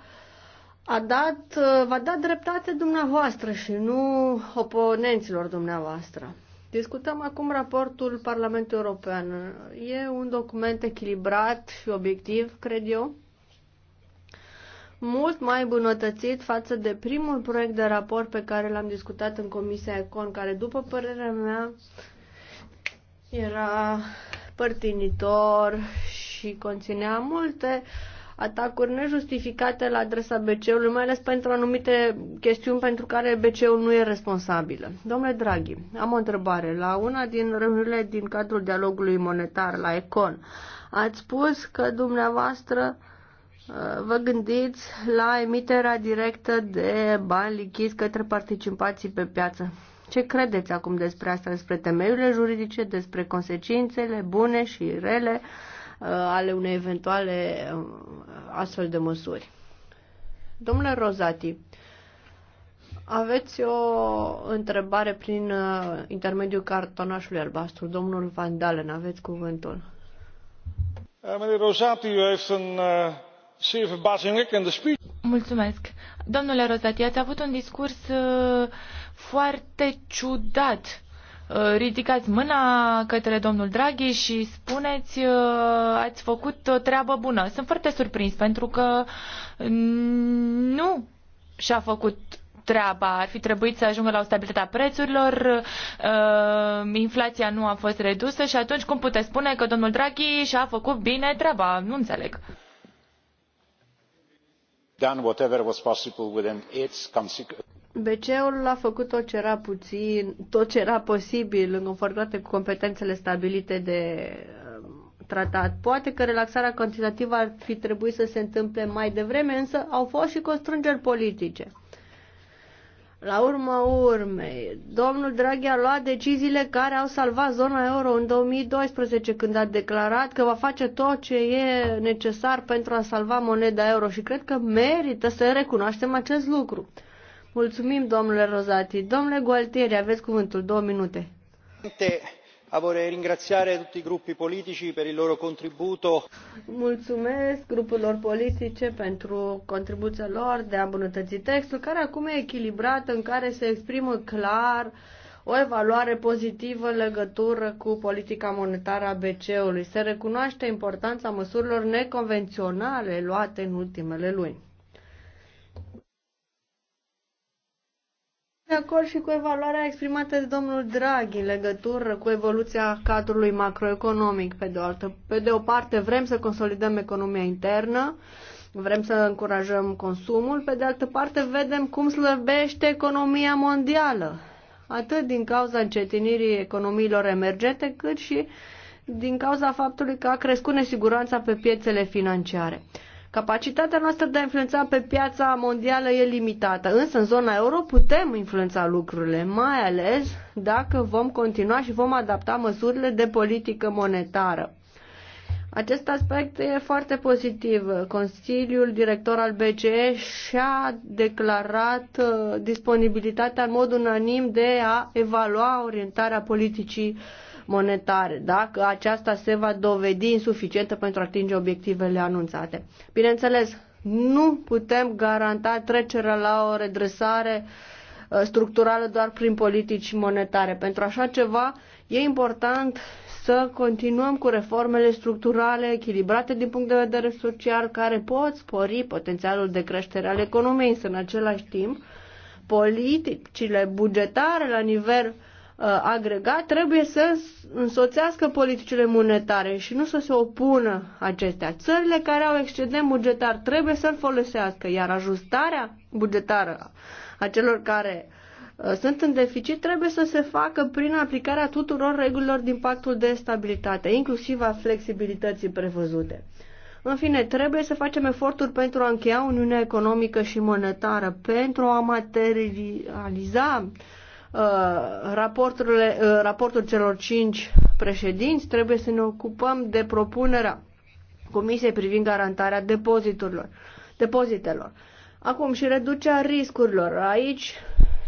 a dat, v-a dat dreptate dumneavoastră și nu oponenților dumneavoastră. Discutăm acum raportul Parlamentului European. E un document echilibrat și obiectiv, cred eu, mult mai bunătățit față de primul proiect de raport pe care l-am discutat în Comisia Econ, care, după părerea mea, era părtinitor și conținea multe atacuri nejustificate la adresa bc ului mai ales pentru anumite chestiuni pentru care bc ul nu e responsabilă. Domnule Draghi, am o întrebare. La una din reuniunile din cadrul dialogului monetar la Econ, ați spus că dumneavoastră uh, vă gândiți la emiterea directă de bani lichizi către participații pe piață. Ce credeți acum despre asta, despre temeiurile juridice, despre consecințele bune și rele uh, ale unei eventuale uh, astfel de măsuri? Domnule Rozati, aveți o întrebare prin uh, intermediul cartonașului albastru. Domnul Van Dalen, aveți cuvântul. Meneer Rosati, u heeft een uh, zeer verbazingwekkende speech. Mulțumesc. Domnule Rosati, ați avut un discurs uh, foarte ciudat. Uh, ridicați mâna către domnul Draghi și spuneți uh, ați făcut o treabă bună. Sunt foarte surprins pentru că nu și-a făcut treaba. Ar fi trebuit să ajungă la o stabilitate a prețurilor, uh, inflația nu a fost redusă și atunci cum puteți spune că domnul Draghi și-a făcut bine treaba? Nu înțeleg. Done whatever was possible within its BCE-ul a făcut tot ce era puțin, tot ce era posibil în conformitate cu competențele stabilite de um, tratat. Poate că relaxarea cantitativă ar fi trebuit să se întâmple mai devreme, însă au fost și constrângeri politice. La urma urmei, domnul Draghi a luat deciziile care au salvat zona euro în 2012, când a declarat că va face tot ce e necesar pentru a salva moneda euro și cred că merită să recunoaștem acest lucru. Mulțumim, domnule Rozati. Domnule Gualtieri, aveți cuvântul, două minute. Vorrei ringraziare tutti i gruppi politici per il loro contributo. Mulțumesc grupurilor politice pentru contribuția lor de a îmbunătăți textul, care acum e echilibrat, în care se exprimă clar o evaluare pozitivă în legătură cu politica monetară a BCE-ului. Se recunoaște importanța măsurilor neconvenționale luate în ultimele luni. de acord și cu evaluarea exprimată de domnul Draghi în legătură cu evoluția cadrului macroeconomic, pe de o altă. Pe de o parte, vrem să consolidăm economia internă, vrem să încurajăm consumul, pe de altă parte, vedem cum slăbește economia mondială, atât din cauza încetinirii economiilor emergente, cât și din cauza faptului că a crescut nesiguranța pe piețele financiare. Capacitatea noastră de a influența pe piața mondială e limitată, însă în zona euro putem influența lucrurile, mai ales dacă vom continua și vom adapta măsurile de politică monetară. Acest aspect e foarte pozitiv. Consiliul director al BCE și-a declarat uh, disponibilitatea în mod unanim de a evalua orientarea politicii uh, monetare, dacă aceasta se va dovedi insuficientă pentru a atinge obiectivele anunțate. Bineînțeles, nu putem garanta trecerea la o redresare uh, structurală doar prin politici monetare. Pentru așa ceva e important să continuăm cu reformele structurale echilibrate din punct de vedere social care pot spori potențialul de creștere al economiei, însă în același timp politicile bugetare la nivel uh, Uh, agregat trebuie să însoțească politicile monetare și nu să se opună acestea. Țările care au excedent bugetar trebuie să-l folosească, iar ajustarea bugetară a celor care uh, sunt în deficit trebuie să se facă prin aplicarea tuturor regulilor din pactul de stabilitate, inclusiv a flexibilității prevăzute. În fine, trebuie să facem eforturi pentru a încheia Uniunea Economică și Monetară, pentru a materializa uh, Uh, raporturile, uh, raportul celor cinci președinți, trebuie să ne ocupăm de propunerea Comisiei privind garantarea depozitelor. Acum și reducerea riscurilor. Aici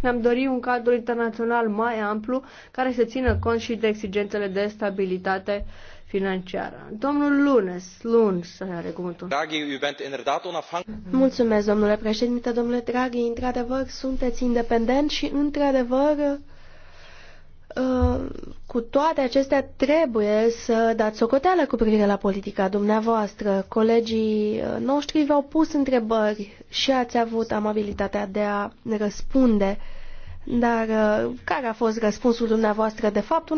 ne-am dorit un cadru internațional mai amplu care să țină cont și de exigențele de stabilitate uh, financiară. Domnul Lunes, Lunes, are cuvântul. Draghi, u bent inderdaad onafhankelijk. Mulțumesc, domnule președinte, domnule Draghi, într-adevăr sunteți independent și într-adevăr uh, cu toate acestea trebuie să dați socoteală cu privire la politica dumneavoastră. Colegii uh, noștri v-au pus întrebări și ați avut amabilitatea de a răspunde uh, dar uh, care a fost răspunsul dumneavoastră? De fapt,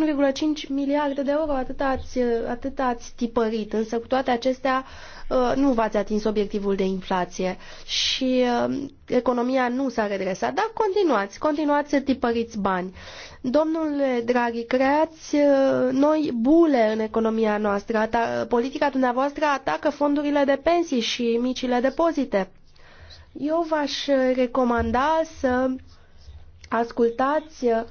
1,5 miliarde de euro, atât ați, uh, atât ați tipărit, însă cu toate acestea uh, nu v-ați atins obiectivul de inflație și economia nu s-a redresat, dar continuați, continuați să tipăriți bani. Domnule Draghi, creați noi bule în economia noastră. politica dumneavoastră atacă fondurile de pensii și micile depozite. Eu v-aș recomanda să ascultați uh,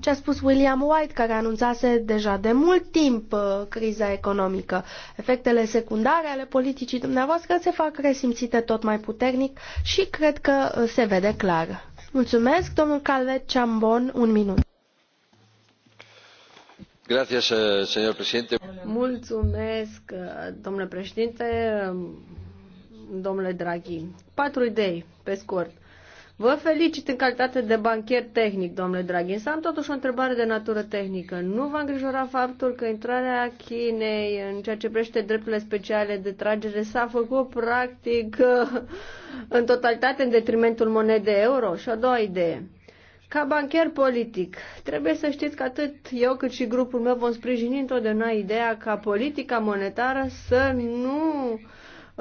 ce a spus William White, care anunțase deja de mult timp uh, criza economică. Efectele secundare ale politicii dumneavoastră se fac resimțite tot mai puternic și cred că uh, se vede clar. Mulțumesc, domnul Calvet Ciambon, un minut. Gracias, señor presidente. Mulțumesc, domnule președinte, um, domnule Draghi. Patru idei, pe scurt Vă felicit în calitate de bancher tehnic, domnule Draghi, însă am totuși o întrebare de natură tehnică. Nu va îngrijora faptul că intrarea Chinei în ceea ce prește drepturile speciale de tragere s-a făcut practic în totalitate în detrimentul monedei euro? Și a doua idee. Ca bancher politic, trebuie să știți că atât eu cât și grupul meu vom sprijini întotdeauna ideea ca politica monetară să nu uh,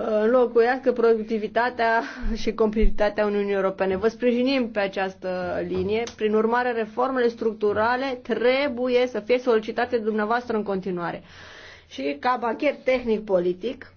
înlocuiască productivitatea și competitivitatea Uniunii Europene. Vă sprijinim pe această linie. Prin urmare, reformele structurale trebuie să fie solicitate de dumneavoastră în continuare. Și ca pachet tehnic-politic,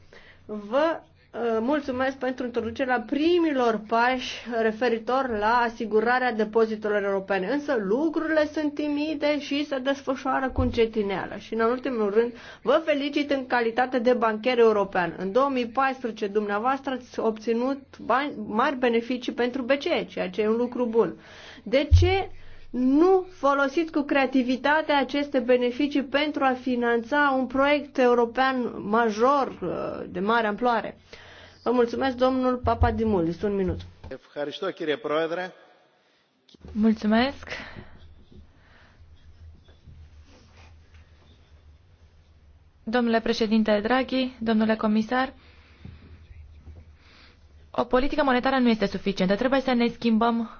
vă Uh, mulțumesc pentru introducerea primilor pași referitor la asigurarea depozitelor europene. Însă lucrurile sunt timide și se desfășoară cu încetineală. Și în ultimul rând, vă felicit în calitate de bancher european. În 2014, dumneavoastră ați obținut bani, mari beneficii pentru BCE, ceea ce e un lucru bun. De ce nu folosiți cu creativitate aceste beneficii pentru a finanța un proiect european major uh, de mare amploare. Vă mulțumesc, domnul Papadimulis. Un minut. Mulțumesc. Domnule președinte Draghi, domnule comisar, o politică monetară nu este suficientă. Trebuie să ne schimbăm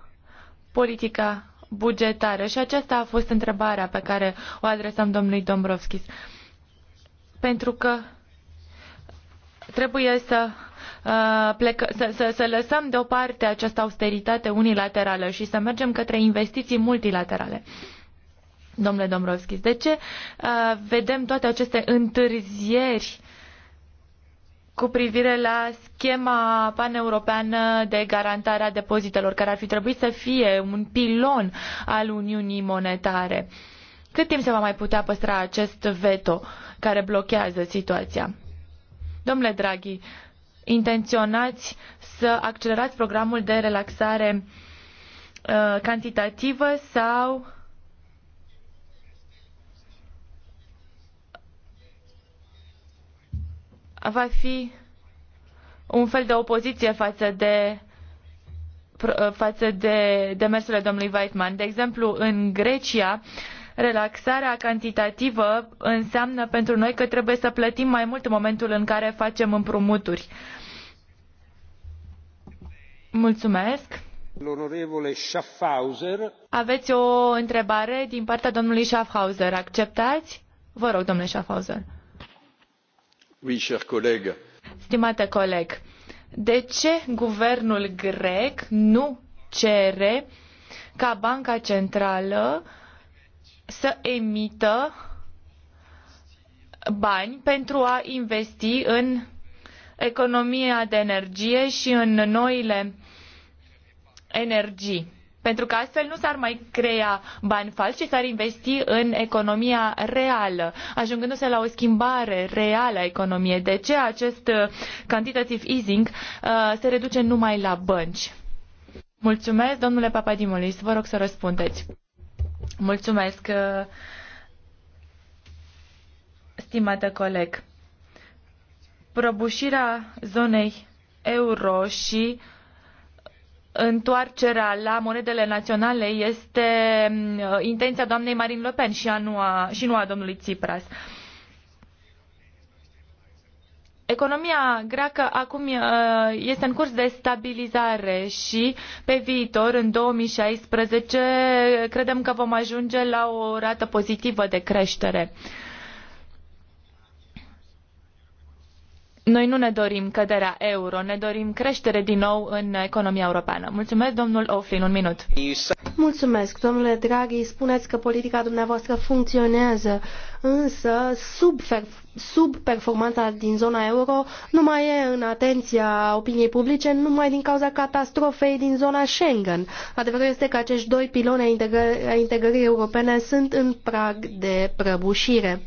politica bugetară Și aceasta a fost întrebarea pe care o adresam domnului Dombrovskis. Pentru că trebuie să, uh, plecă, să, să, să lăsăm deoparte această austeritate unilaterală și să mergem către investiții multilaterale. Domnule Dombrovskis, de ce uh, vedem toate aceste întârzieri uh, cu privire la schema paneuropeană de garantare a depozitelor, care ar fi trebuit să fie un pilon al Uniunii Monetare. Cât timp se va mai putea păstra acest veto care blochează situația? Domnule Draghi, intenționați să accelerați programul de relaxare uh, cantitativă sau va fi un fel de opoziție față de uh, față de demersurile domnului Weidmann. De exemplu, în Grecia, relaxarea cantitativă înseamnă pentru noi că trebuie să plătim mai mult în momentul în care facem împrumuturi. Mulțumesc. L'onorevole Schaffhauser. Aveți o întrebare din partea domnului Schaffhauser. Acceptați? Vă rog, domnule Schaffhauser. Stimate coleg, de ce guvernul grec nu cere ca Banca Centrală să emită bani pentru a investi în economia de energie și în noile energii? Pentru că astfel nu s-ar mai crea bani falși, ci s-ar investi în economia reală, ajungându-se la o schimbare reală a economiei. De ce acest uh, quantitative easing uh, se reduce numai la bănci? Mulțumesc, domnule Papadimulis. Vă rog să răspundeți. Mulțumesc, uh, stimată coleg. Prăbușirea zonei euro și uh, întoarcerea la monedele naționale este mm, uh, intenția doamnei Marine Le Pen și, a nu a, și nu a domnului Tsipras. Economia greacă acum uh, este în curs de stabilizare și pe viitor, în 2016, credem că vom ajunge la o rată pozitivă de creștere. Noi nu ne dorim căderea euro, ne dorim creștere din nou în economia europeană. Mulțumesc, domnul Oflin, un minut. Mulțumesc, domnule Draghi, spuneți că politica dumneavoastră funcționează, însă sub, sub performanța din zona euro nu mai e în atenția opiniei publice numai din cauza catastrofei din zona Schengen. Adevărul este că acești doi piloni ai integrării europene sunt în prag de prăbușire.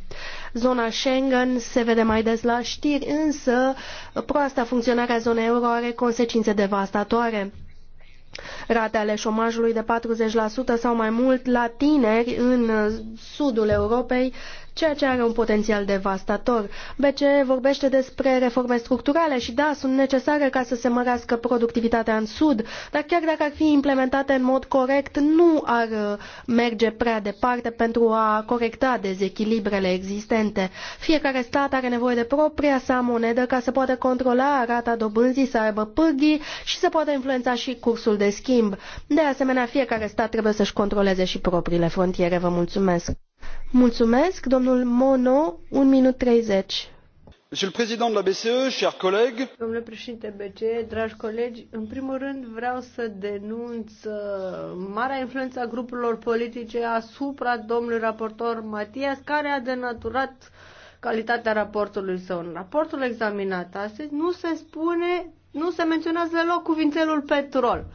Zona Schengen se vede mai des la știri, însă proasta funcționare a zonei euro are consecințe devastatoare. Rate ale șomajului de 40% sau mai mult la tineri în sudul Europei ceea ce are un potențial devastator. BCE vorbește despre reforme structurale și da, sunt necesare ca să se mărească productivitatea în Sud, dar chiar dacă ar fi implementate în mod corect, nu ar uh, merge prea departe pentru a corecta dezechilibrele existente. Fiecare stat are nevoie de propria sa monedă ca să poată controla rata dobânzii, să aibă pârghii și să poată influența și cursul de schimb. De asemenea, fiecare stat trebuie să-și controleze și propriile frontiere. Vă mulțumesc! Mulțumesc, domnul Mono, 1 minut 30. Domnule președinte BCE, dragi colegi, în primul rând vreau să denunț uh, marea influență a grupurilor politice asupra domnului raportor Matias, care a denaturat calitatea raportului său. În raportul examinat astăzi nu se spune, nu se menționează deloc cuvințelul petrol.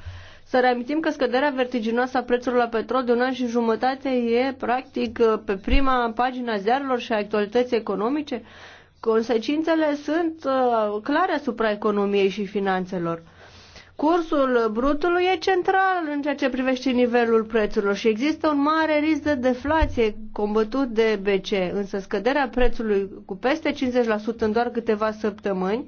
Să reamintim că scăderea vertiginoasă a prețurilor la petrol de un an și jumătate e practic pe prima pagina ziarelor și a actualității economice. Consecințele sunt uh, clare asupra economiei și finanțelor. Cursul brutului e central în ceea ce privește nivelul prețurilor și există un mare risc de deflație combătut de BC, însă scăderea prețului cu peste 50% în doar câteva săptămâni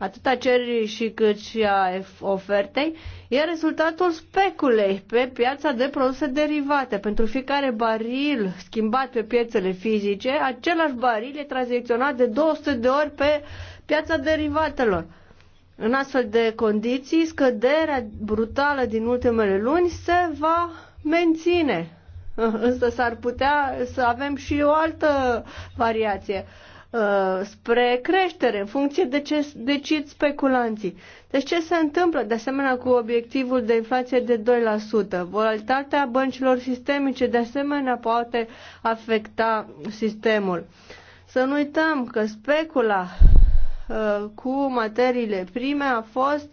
atât a cererii și cât și a ofertei, e rezultatul speculei pe piața de produse derivate. Pentru fiecare baril schimbat pe piețele fizice, același baril e tranzacționat de 200 de ori pe piața derivatelor. În astfel de condiții, scăderea brutală din ultimele luni se va menține. Însă s-ar putea să avem și o altă variație. Uh, spre creștere, în funcție de ce decid speculanții. Deci ce se întâmplă, de asemenea, cu obiectivul de inflație de 2%? Volatilitatea băncilor sistemice, de asemenea, poate afecta sistemul. Să nu uităm că specula uh, cu materiile prime a fost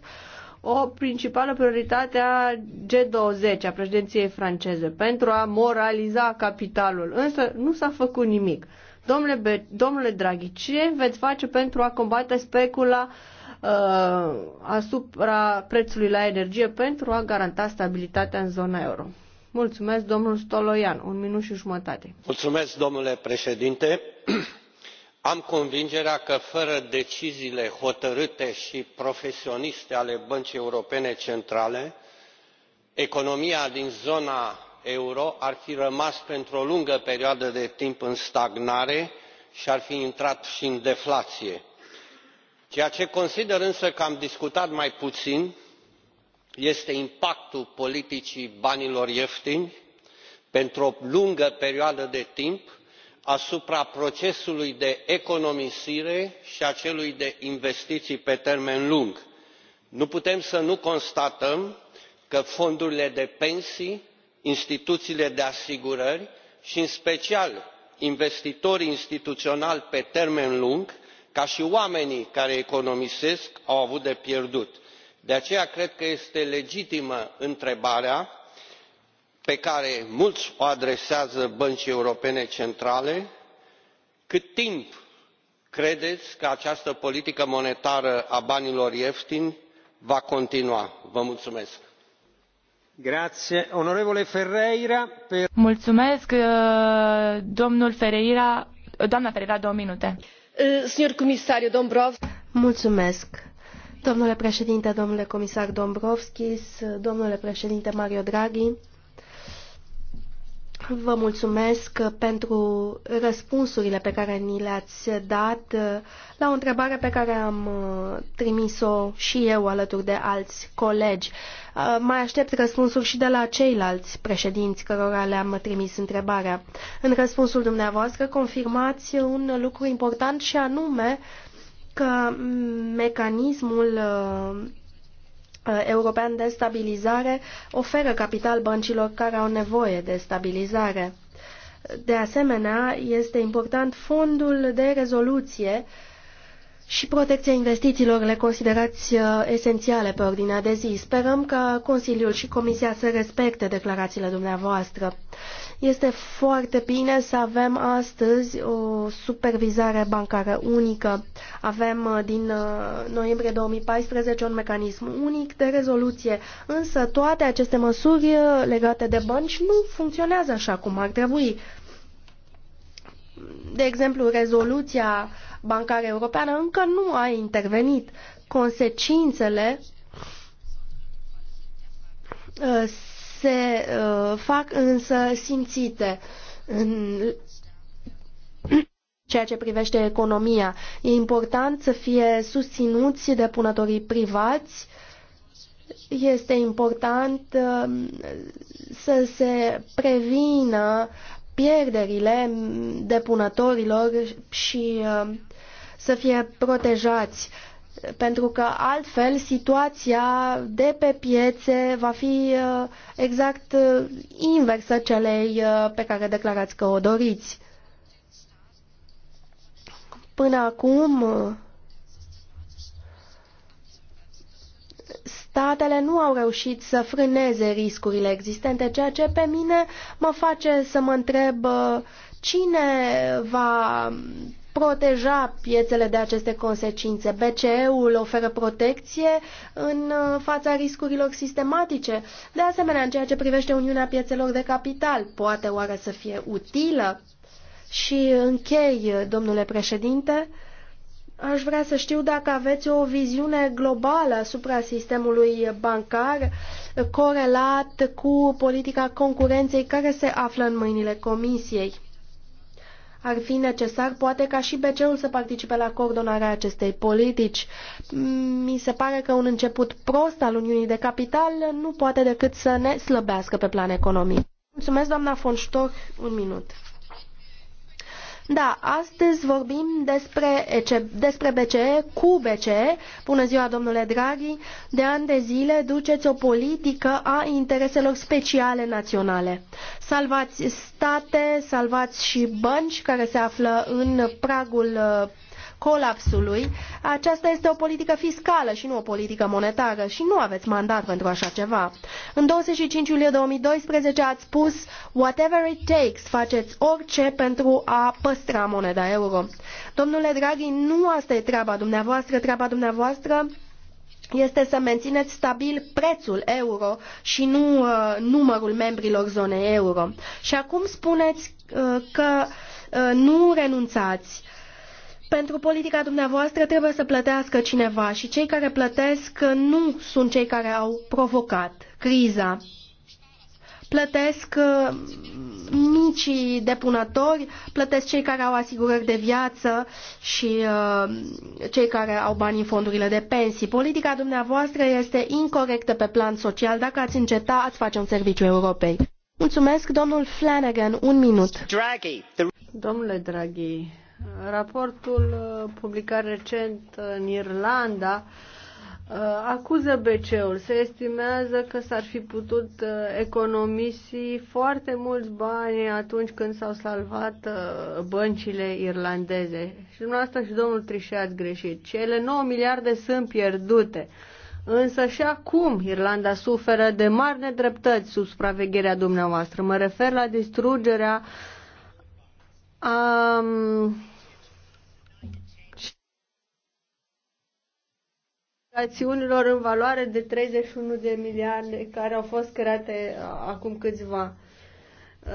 o principală prioritate a G20, a președinției franceze, pentru a moraliza capitalul. Însă nu s-a făcut nimic. Uh, Domnule, Be- domnule Draghi, ce veți face pentru a combate specula uh, asupra prețului la energie pentru a garanta stabilitatea în zona euro? Mulțumesc, domnul Stoloian. Un minut și jumătate. Mulțumesc, domnule președinte. Am convingerea că fără deciziile hotărâte și profesioniste ale Băncii Europene Centrale, economia din zona euro ar fi rămas pentru o lungă perioadă de timp în stagnare și ar fi intrat și în deflație. ceea ce consider însă că am discutat mai puțin este impactul politicii banilor ieftini pentru o lungă perioadă de timp asupra procesului de economisire și a celui de investiții pe termen lung. nu putem să nu constatăm că fondurile de pensii instituțiile de asigurări și în special investitorii instituționali pe termen lung ca și oamenii care economisesc au avut de pierdut. de aceea cred că este legitimă întrebarea pe care mulți o adresează băncii europene centrale cât timp credeți că această politică monetară a banilor ieftini va continua? vă mulțumesc. Mulțumesc, uh, Ferreira. Doamna Ferreira, două minute. Uh, mulțumesc. Domnule președinte, domnule comisar Dombrovskis, domnule președinte Mario Draghi, Vă mulțumesc pentru răspunsurile pe care ni le-ați dat la o întrebare pe care am trimis-o și eu alături de alți colegi. Uh, mai aștept răspunsuri și de la ceilalți președinți cărora le-am trimis întrebarea. În răspunsul dumneavoastră confirmați un lucru important și anume că mecanismul uh, uh, european de stabilizare oferă capital băncilor care au nevoie de stabilizare. De asemenea, este important fondul de rezoluție uh, și protecția investițiilor le considerați uh, esențiale pe ordinea de zi. Sperăm ca Consiliul și Comisia să respecte declarațiile dumneavoastră. Este foarte bine să avem astăzi o supervizare bancară unică. Avem uh, din uh, noiembrie 2014 un mecanism unic de rezoluție, însă toate aceste măsuri legate de bănci nu funcționează așa cum ar trebui. De exemplu, rezoluția uh, bancară europeană încă nu a intervenit. Consecințele uh, se uh, fac însă simțite în ceea ce privește economia. E important să fie susținuți depunătorii privați, este important uh, să se prevină pierderile depunătorilor și uh, să fie protejați, pentru că altfel situația de pe piețe va fi uh, exact uh, inversă celei uh, pe care declarați că o doriți. Până acum, statele nu au reușit să frâneze riscurile existente, ceea ce pe mine mă face să mă întreb cine va proteja piețele de aceste consecințe. BCE-ul oferă protecție în uh, fața riscurilor sistematice. De asemenea, în ceea ce privește Uniunea Piețelor de Capital, poate oare să fie utilă? Și închei, domnule președinte, aș vrea să știu dacă aveți o viziune globală asupra sistemului bancar corelat cu politica concurenței care se află în mâinile Comisiei ar fi necesar poate ca și BCE-ul să participe la coordonarea acestei politici. Mm, Mi se pare că un început prost al Uniunii de Capital nu poate decât să ne slăbească pe plan economic. Mulțumesc, doamna Fonștor, un minut. Da, astăzi vorbim despre, ECE, despre BCE cu BCE. Bună ziua, domnule Draghi. De ani de zile duceți o politică a intereselor speciale naționale. Salvați state, salvați și bănci care se află în pragul colapsului, aceasta este o politică fiscală și nu o politică monetară și nu aveți mandat pentru așa ceva. În 25 iulie 2012 ați spus whatever it takes, faceți orice pentru a păstra moneda euro. Domnule Draghi, nu asta e treaba dumneavoastră, treaba dumneavoastră este să mențineți stabil prețul euro și nu uh, numărul membrilor zonei euro. Și acum spuneți uh, că uh, nu renunțați pentru politica dumneavoastră trebuie să plătească cineva și cei care plătesc nu sunt cei care au provocat criza. Plătesc uh, micii depunători, plătesc cei care au asigurări de viață și uh, cei care au bani în fondurile de pensii. Politica dumneavoastră este incorrectă pe plan social. Dacă ați înceta, ați face un serviciu Europei. Mulțumesc, domnul Flanagan, un minut. Draghi, the... Domnule Draghi, Raportul uh, publicat recent în Irlanda uh, acuză BC-ul. Se estimează că s-ar fi putut uh, economisi foarte mulți bani atunci când s-au salvat băncile irlandeze. Și dumneavoastră și domnul Trișe ați greșit. Cele 9 miliarde sunt pierdute. Însă și acum Irlanda suferă de mari nedreptăți sub supravegherea dumneavoastră. Mă refer la distrugerea uh, Um, acțiunilor în valoare de 31 de miliarde care au fost create uh, acum câțiva.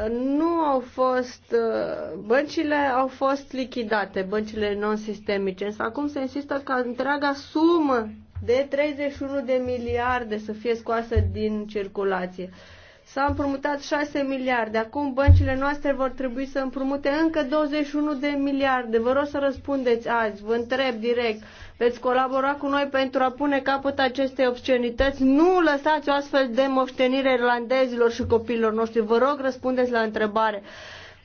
Uh, nu au fost, uh, băncile au fost lichidate, băncile non-sistemice, însă acum se insistă ca întreaga sumă de 31 de miliarde să fie scoasă din circulație. Uh, s am împrumutat 6 miliarde. Acum băncile noastre vor trebui să împrumute încă 21 de miliarde. Vă rog să răspundeți azi. Vă întreb direct. Veți colabora cu noi pentru a pune capăt acestei obscenități? Nu lăsați o astfel de moștenire irlandezilor și copiilor noștri. Vă rog, răspundeți la întrebare.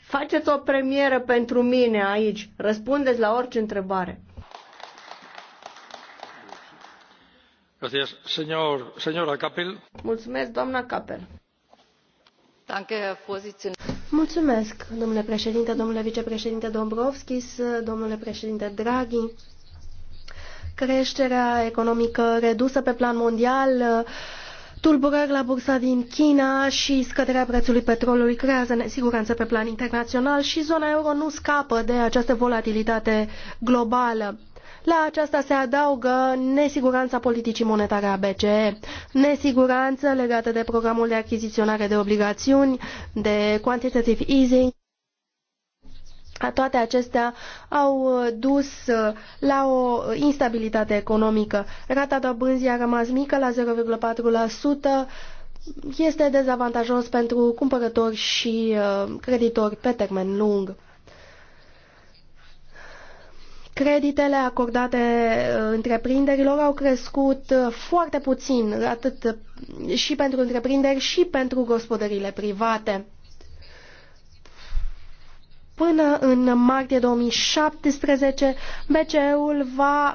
Faceți o premieră pentru mine aici. Răspundeți la orice întrebare. Mulțumesc, doamna Capel. Mulțumesc, domnule președinte, domnule vicepreședinte Dombrovskis, domnule președinte Draghi. Creșterea economică redusă pe plan mondial, tulburări la bursa din China și scăderea prețului petrolului creează nesiguranță pe plan internațional și zona euro nu scapă de această volatilitate globală. La aceasta se adaugă nesiguranța politicii monetare a BCE, nesiguranță legată de programul de achiziționare de obligațiuni, de quantitative easing. Toate acestea au dus la o instabilitate economică. Rata dobânzii a rămas mică la 0,4%, este dezavantajos pentru cumpărători și uh, creditori pe termen lung. Creditele acordate uh, întreprinderilor au crescut uh, foarte puțin, atât uh, și pentru întreprinderi și pentru gospodările private. Până în martie 2017, BCE-ul va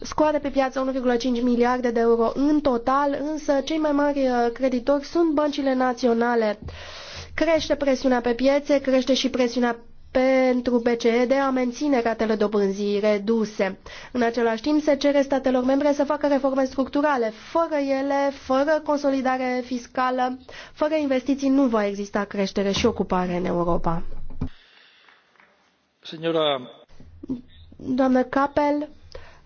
scoate pe piață 1,5 miliarde de euro în total, însă cei mai mari creditori sunt băncile naționale. Crește presiunea pe piețe, crește și presiunea pentru BCE de a menține ratele dobânzii reduse. În același timp, se cere statelor membre să facă reforme structurale. Fără ele, fără consolidare fiscală, fără investiții, nu va exista creștere și ocupare în Europa. Signora... Doamnă Capel,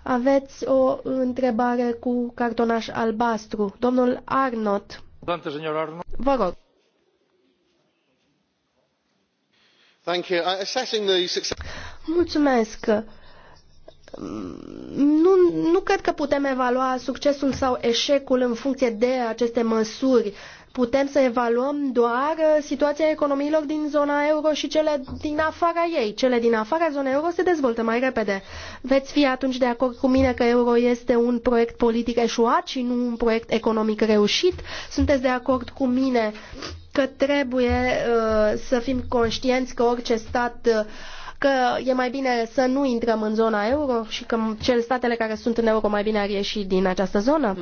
aveți o întrebare cu cartonaș albastru. Domnul Arnott. Vă rog. Uh, Mulțumesc. Nu, nu cred că putem evalua succesul sau eșecul în funcție de aceste măsuri. Putem să evaluăm doar situația economiilor din zona euro și cele din afara ei. Cele din afara zonei euro se dezvoltă mai repede. Veți fi atunci de acord cu mine că euro este un proiect politic eșuat și nu un proiect economic reușit? Sunteți de acord cu mine că trebuie uh, să fim conștienți că orice stat uh, că e mai bine să nu intrăm în zona euro și că cele statele care sunt în euro mai bine ar ieși din această zonă?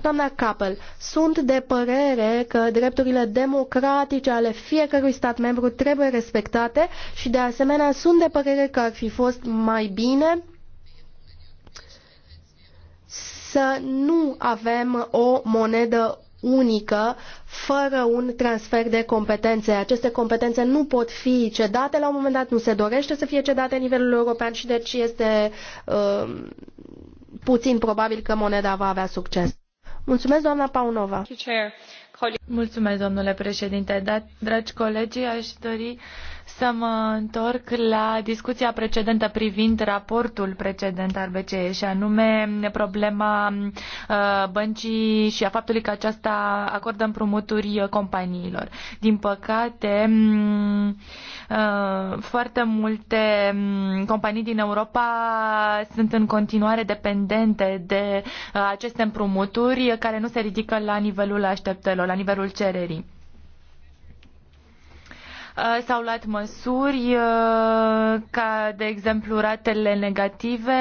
Doamna Capel, sunt de părere că drepturile democratice ale fiecărui stat membru trebuie respectate și de asemenea sunt de părere că ar fi fost mai bine să nu avem o monedă unică fără un transfer de competențe. Aceste competențe nu pot fi cedate la un moment dat, nu se dorește să fie cedate la nivelul european și deci este uh, puțin probabil că moneda va avea succes. Mulțumesc, doamna Paunova. Mulțumesc, domnule președinte. Da, dragi colegi, aș dori să mă întorc la discuția precedentă privind raportul precedent al BCE și anume problema uh, băncii și a faptului că aceasta acordă împrumuturi companiilor. Din păcate, mm, uh, foarte multe mm, companii din Europa sunt în continuare dependente de uh, aceste împrumuturi care nu se ridică la nivelul așteptărilor, la nivelul cererii. Uh, s-au luat măsuri uh, ca, de exemplu, ratele negative,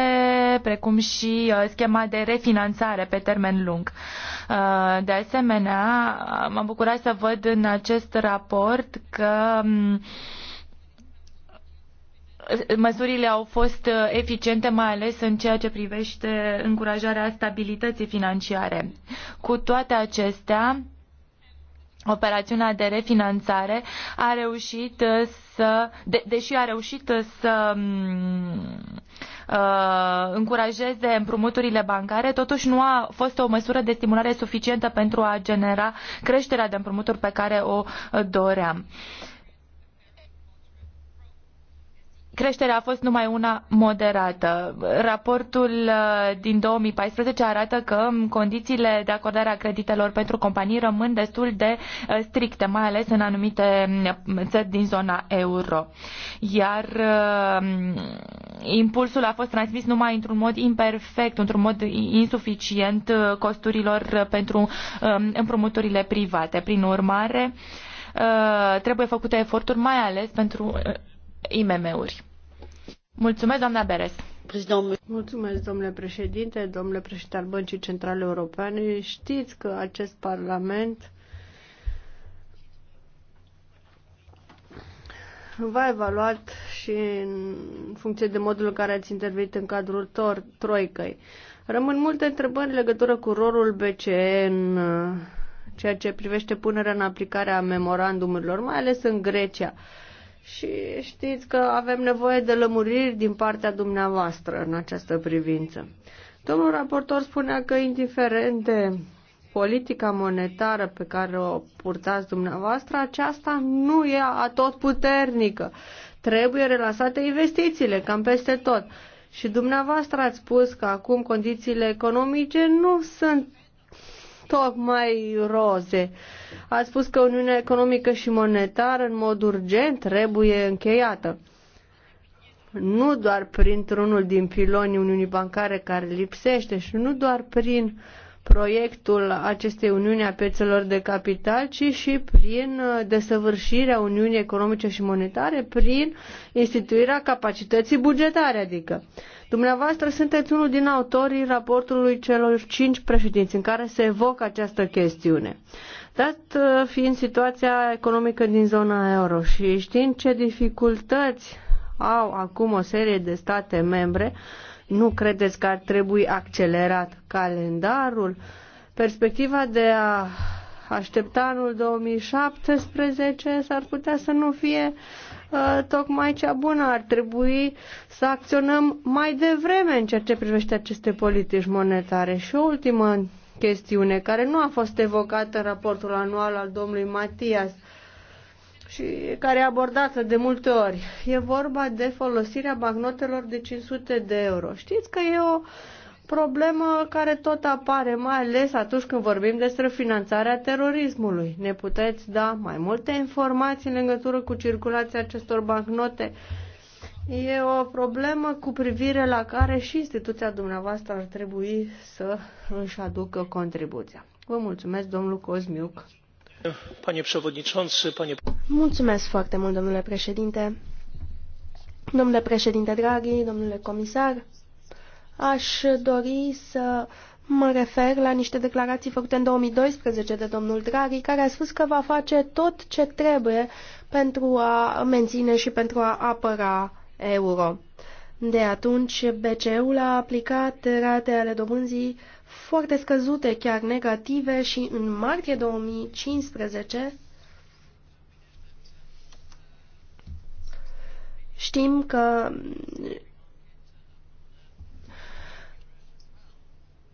precum și uh, schema de refinanțare pe termen lung. De asemenea, m-am bucurat să văd în acest raport că um, măsurile au fost eficiente, mai ales în ceea ce privește încurajarea stabilității financiare. Cu toate acestea, operațiunea de refinanțare a reușit uh, să, de, deși a reușit uh, să mm, uh, încurajeze împrumuturile bancare, totuși nu a fost o măsură de stimulare suficientă pentru a genera creșterea de împrumuturi pe care o uh, doream. Uh, creșterea a fost numai una moderată. Raportul uh, din 2014 arată că um, condițiile de acordare a creditelor pentru companii rămân destul de uh, stricte, mai ales în anumite um, țări din zona euro. Iar um, impulsul a fost transmis numai într-un mod imperfect, într-un mod insuficient uh, costurilor pentru împrumuturile private. Prin urmare, trebuie făcute eforturi mai ales pentru IMM-uri. Mulțumesc, doamna Beres. Mulțumesc, domnule președinte, domnule președinte al Băncii Centrale Europene. Știți că acest parlament va evaluat și în funcție de modul în care ați intervenit în cadrul tor- troicăi. Rămân multe întrebări în legătură cu rolul BCE în uh, ceea ce privește punerea în aplicare a memorandumurilor, mai ales în Grecia și știți că avem nevoie de lămuriri din partea dumneavoastră în această privință. Domnul raportor spunea că indiferent de politica monetară pe care o purtați dumneavoastră, aceasta nu e atot puternică. Trebuie relasate investițiile, cam peste tot. Și dumneavoastră ați spus că acum condițiile economice nu sunt tocmai roze. A spus că Uniunea Economică și Monetară în mod urgent trebuie încheiată. Nu doar printr-unul din pilonii Uniunii Bancare care lipsește și nu doar prin proiectul acestei Uniuni a piețelor de capital, ci și prin uh, desăvârșirea Uniunii Economice și Monetare, prin instituirea capacității bugetare, adică. Dumneavoastră sunteți unul din autorii raportului celor cinci președinți în care se evocă această chestiune. Dat uh, fiind situația economică din zona euro și știind ce dificultăți au acum o serie de state membre, nu credeți că ar trebui accelerat calendarul? Perspectiva de a aștepta anul 2017 s-ar putea să nu fie Uh, tocmai cea bună. Ar trebui să acționăm mai devreme în ceea ce privește aceste politici monetare. Și o ultimă chestiune care nu a fost evocată în raportul anual al domnului Matias și care e abordată de multe ori. E vorba de folosirea bagnotelor de 500 de euro. Știți că e o problemă care tot apare, mai ales atunci când vorbim despre finanțarea terorismului. Ne puteți da mai multe informații în legătură cu circulația acestor bancnote? E o problemă cu privire la care și instituția dumneavoastră ar trebui să își aducă contribuția. Vă mulțumesc, domnul Cosmiuc. Panie președinte, panie... Mulțumesc foarte mult, domnule președinte. Domnule președinte Draghi, domnule comisar, Aș dori să mă refer la niște declarații făcute în 2012 de domnul Draghi, care a spus că va face tot ce trebuie pentru a menține și pentru a apăra euro. De atunci, BCE-ul a aplicat rate ale dobânzii foarte scăzute, chiar negative, și în martie 2015 știm că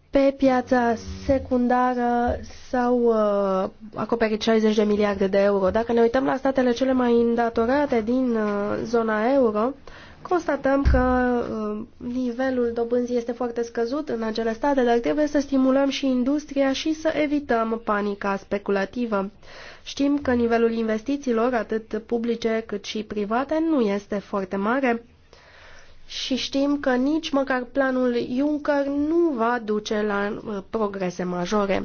Pe piața secundară s-au uh, acoperit 60 de miliarde de euro. Dacă ne uităm la statele cele mai îndatorate din uh, zona euro, constatăm că uh, nivelul dobânzii este foarte scăzut în acele state, dar trebuie să stimulăm și industria și să evităm panica speculativă. Știm că nivelul investițiilor, atât publice cât și private, nu este foarte mare și știm că nici măcar planul Juncker nu va duce la uh, progrese majore.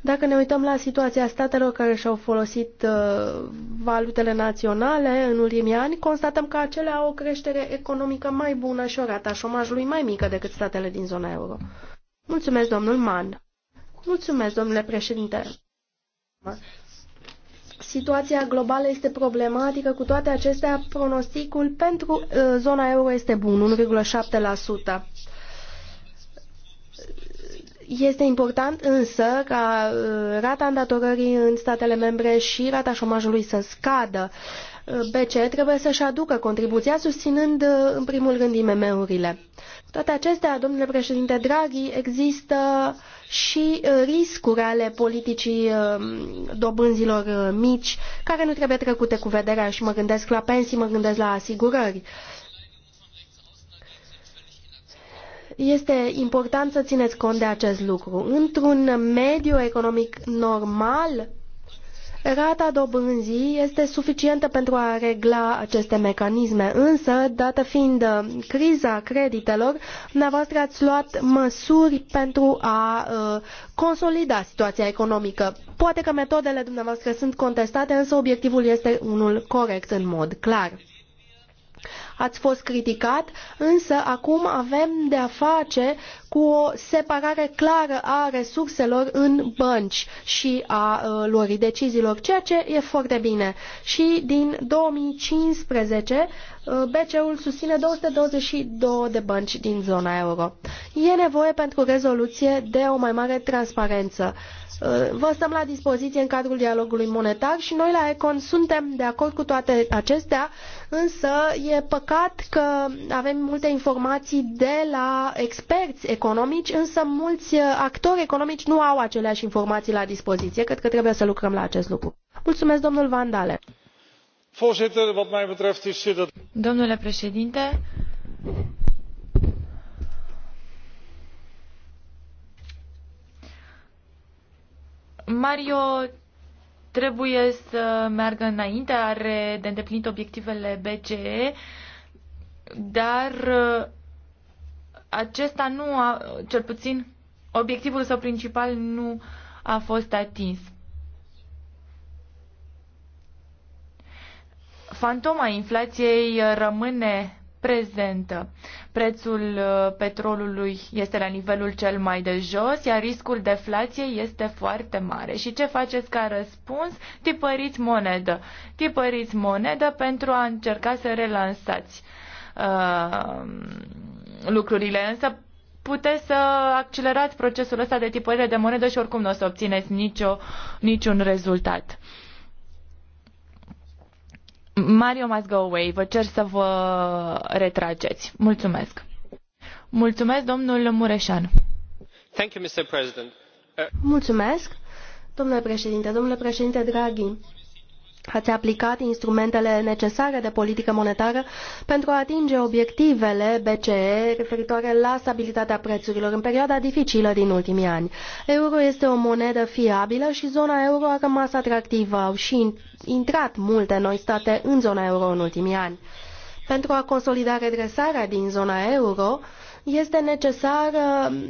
Dacă ne uităm la situația statelor care și-au folosit uh, valutele naționale în ultimii ani, constatăm că acelea au o creștere economică mai bună și o rata șomajului mai mică decât statele din zona euro. Mulțumesc, domnul Mann. Mulțumesc, domnule președinte situația globală este problematică, cu toate acestea pronosticul pentru uh, zona euro este bun, 1,7%. Este important însă ca uh, rata îndatorării în statele membre și rata șomajului să scadă. Uh, BCE trebuie să-și aducă contribuția susținând în primul rând IMM-urile. Cu toate acestea, domnule președinte Draghi, există și uh, riscuri ale politicii uh, dobânzilor uh, mici, care nu trebuie trecute cu vederea și mă gândesc la pensii, mă gândesc la asigurări. Este important să țineți cont de acest lucru. Într-un mediu economic normal, Rata dobânzii este suficientă pentru a regla aceste mecanisme, însă, dată fiind uh, criza creditelor, dumneavoastră ați luat măsuri pentru a uh, consolida situația economică. Poate că metodele dumneavoastră sunt contestate, însă obiectivul este unul corect în mod clar ați fost criticat, însă acum avem de a face cu o separare clară a resurselor în bănci și a uh, luării deciziilor, ceea ce e foarte bine. Și din 2015 uh, BCE-ul susține 222 de bănci din zona euro. E nevoie pentru rezoluție de o mai mare transparență. Uh, vă stăm la dispoziție în cadrul dialogului monetar și noi la Econ suntem de acord cu toate acestea, însă e păcat că avem multe informații de la experți economici, însă mulți uh, actori economici nu au aceleași informații la dispoziție. Cred că trebuie să lucrăm la acest lucru. Mulțumesc, domnul Vandale. Domnule președinte, Mario trebuie să meargă înainte, are de îndeplinit obiectivele BCE, dar uh, acesta nu a, cel puțin obiectivul său principal nu a fost atins. Fantoma inflației rămâne prezentă. Prețul uh, petrolului este la nivelul cel mai de jos, iar riscul deflației este foarte mare. Și ce faceți ca răspuns? Tipăriți monedă. Tipăriți monedă pentru a încerca să relansați uh, lucrurile. Însă puteți să accelerați procesul ăsta de tipărire de monedă și oricum nu o să obțineți nicio, niciun rezultat. Mario must go away. Vă cer să vă retrageți. Mulțumesc. Mulțumesc, domnul Mureșan. Thank you, Mr. President. Uh, Mulțumesc, domnule președinte, domnule președinte Draghi ați aplicat instrumentele necesare de politică monetară pentru a atinge obiectivele BCE referitoare la stabilitatea prețurilor în perioada dificilă din ultimii ani. Euro este o monedă fiabilă și zona euro a rămas atractivă. Au și intrat multe noi state în zona euro în ultimii ani. Pentru a consolida redresarea din zona euro, este necesar mm,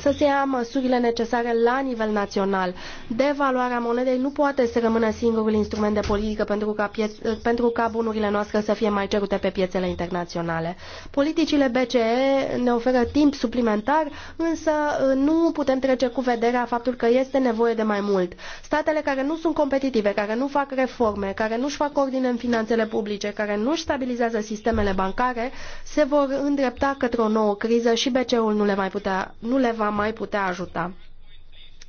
să se ia măsurile necesare la nivel național. Devaluarea monedei nu poate să rămână singurul instrument de politică pentru ca, pentru ca bunurile noastre să fie mai cerute pe piețele internaționale. Politicile BCE ne oferă timp suplimentar, însă uh, nu putem trece cu vederea faptul că este nevoie de mai mult. Statele care nu sunt competitive, care nu fac reforme, care nu-și fac ordine în finanțele publice, care nu-și stabilizează sistemele bancare, se vor îndrepta către o nouă nouă criză și BCE-ul nu, le nu le va mai putea ajuta.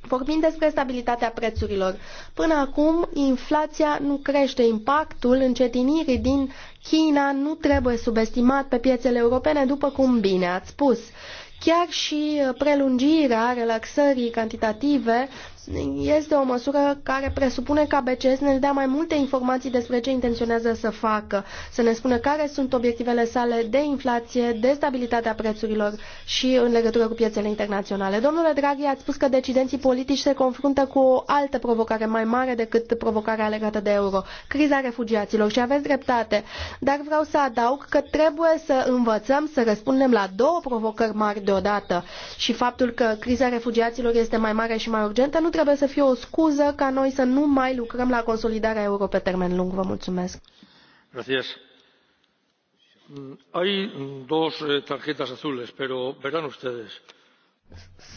Vorbim despre stabilitatea prețurilor. Până acum, inflația nu crește. Impactul încetinirii din China nu trebuie subestimat pe piețele europene, după cum bine ați spus. Chiar și prelungirea relaxării cantitative este o măsură care presupune ca BCS ne dea mai multe informații despre ce intenționează să facă, să ne spună care sunt obiectivele sale de inflație, de stabilitatea prețurilor și în legătură cu piețele internaționale. Domnule Draghi, ați spus că decidenții politici se confruntă cu o altă provocare mai mare decât provocarea legată de euro, criza refugiaților și aveți dreptate, dar vreau să adaug că trebuie să învățăm să răspundem la două provocări mari deodată și faptul că criza refugiaților este mai mare și mai urgentă nu trebuie trebuie să fie o scuză ca noi să nu mai lucrăm la consolidarea euro pe termen lung. Vă mulțumesc. Gracias. Mm, hay dos eh, tarjetas azules, pero verán ustedes.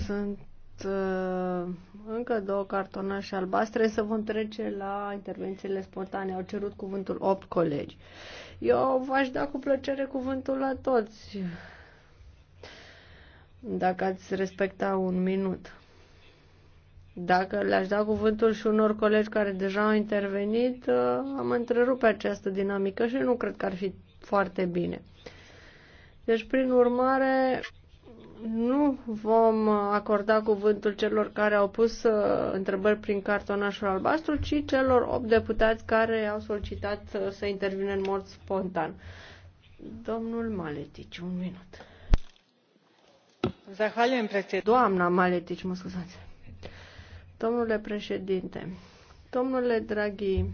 Sunt uh, încă două cartonașe albastre să vom trece la intervențiile spontane. Au cerut cuvântul opt colegi. Eu v-aș da cu plăcere cuvântul la toți. Dacă ați respecta un minut. Dacă le-aș da cuvântul și unor colegi care deja au intervenit, uh, am întrerupe această dinamică și nu cred că ar fi foarte bine. Deci, prin urmare, nu vom acorda cuvântul celor care au pus uh, întrebări prin cartonașul albastru, ci celor 8 deputați care au solicitat uh, să intervină în mod spontan. Domnul Maletici, un minut. Doamna Maletici, mă scuzați. Domnule președinte, domnule Draghi,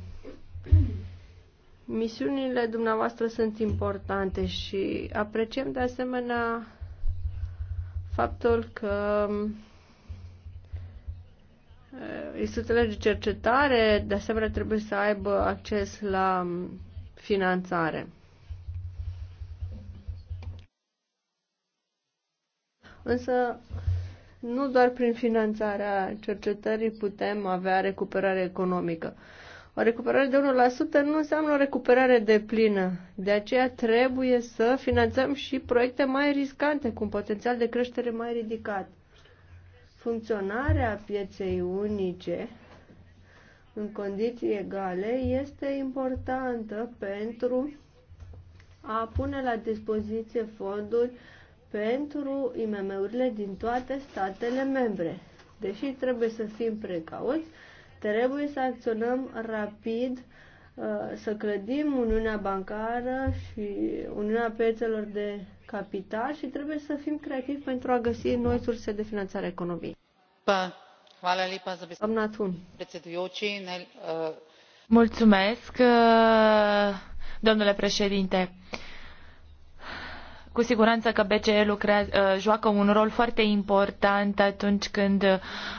misiunile dumneavoastră sunt importante și apreciem de asemenea faptul că uh, institutele de cercetare de asemenea trebuie să aibă acces la finanțare. Însă nu doar prin finanțarea cercetării putem avea recuperare economică. O recuperare de 1% nu înseamnă o recuperare de plină. De aceea trebuie să finanțăm și proiecte mai riscante, cu un potențial de creștere mai ridicat. Funcționarea pieței unice în condiții egale este importantă pentru a pune la dispoziție fonduri uh, pentru IMM-urile din toate statele membre. Deși trebuie să fim precauți, trebuie să acționăm rapid, uh, să clădim Uniunea Bancară și Uniunea Piețelor de Capital și trebuie să fim creativi pentru a găsi noi surse de finanțare economiei. Doamna uh, Mulțumesc, uh, domnule președinte. Cu siguranță că BCE lucrează, uh, joacă un rol foarte important atunci când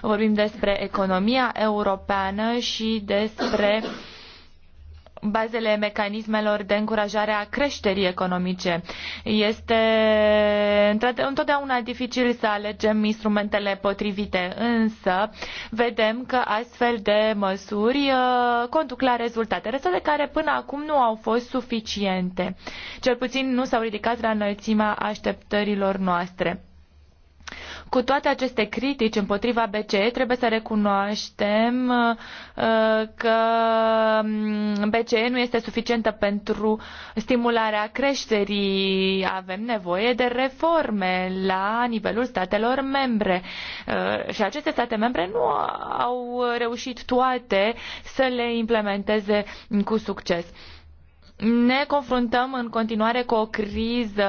vorbim despre economia europeană și despre uh, bazele mecanismelor de încurajare a creșterii economice. Este întotdeauna dificil să alegem instrumentele potrivite, însă vedem că astfel de măsuri uh, conduc la rezultate, rezultate care până acum nu au fost suficiente. Cel puțin nu s-au ridicat la înălțimea așteptărilor noastre. Cu toate aceste critici împotriva BCE, trebuie să recunoaștem uh, că mm, BCE nu este suficientă pentru stimularea creșterii. Avem nevoie de reforme la nivelul statelor membre. Uh, și aceste state membre nu au reușit toate să le implementeze cu succes ne confruntăm în continuare cu o criză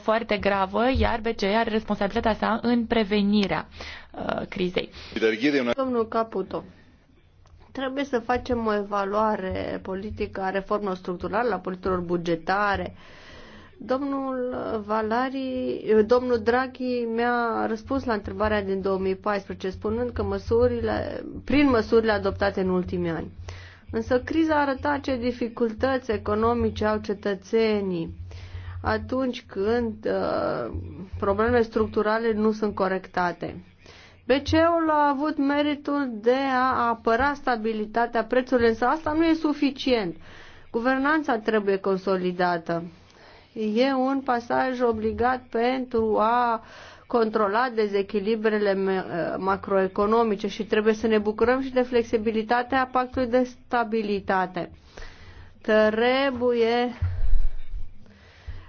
foarte gravă, iar BCE are responsabilitatea sa în prevenirea uh, crizei. Domnul Caputo, trebuie să facem o evaluare politică a reformă structurală, a politicilor bugetare. Domnul Valari, domnul Draghi mi-a răspuns la întrebarea din 2014, spunând că măsurile, prin măsurile adoptate în ultimii ani. Însă criza arăta ce dificultăți economice au cetățenii atunci când uh, problemele structurale nu sunt corectate. BCE-ul a avut meritul de a apăra stabilitatea prețurilor, însă asta nu e suficient. Guvernanța trebuie consolidată. E un pasaj obligat pentru a controla dezechilibrele eh, macroeconomice și trebuie să ne bucurăm și de flexibilitatea pactului de stabilitate. Trebuie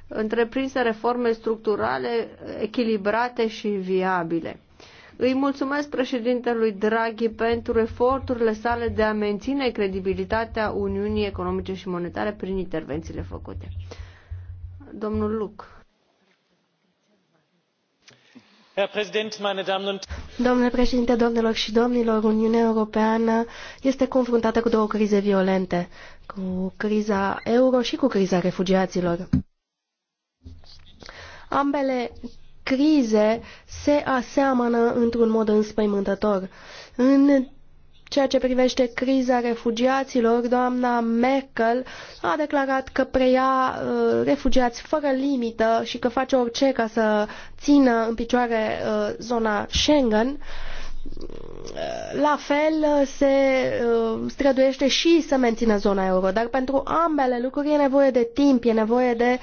întreprinse reforme structurale echilibrate și viabile. Îi mulțumesc președintelui Draghi pentru eforturile sale de a menține credibilitatea Uniunii Economice și Monetare prin intervențiile făcute. Domnul Luc. Domnule președinte, domnilor și domnilor, Uniunea Europeană este confruntată cu două crize violente, cu criza euro și cu criza refugiaților. Ambele crize se aseamănă într-un mod înspăimântător. În ceea ce privește criza refugiaților, doamna Merkel a declarat că preia uh, refugiați fără limită și că face orice ca să țină în picioare uh, zona Schengen. Uh, la fel se străduiește și să mențină zona euro, dar pentru ambele lucruri e nevoie de timp, e nevoie de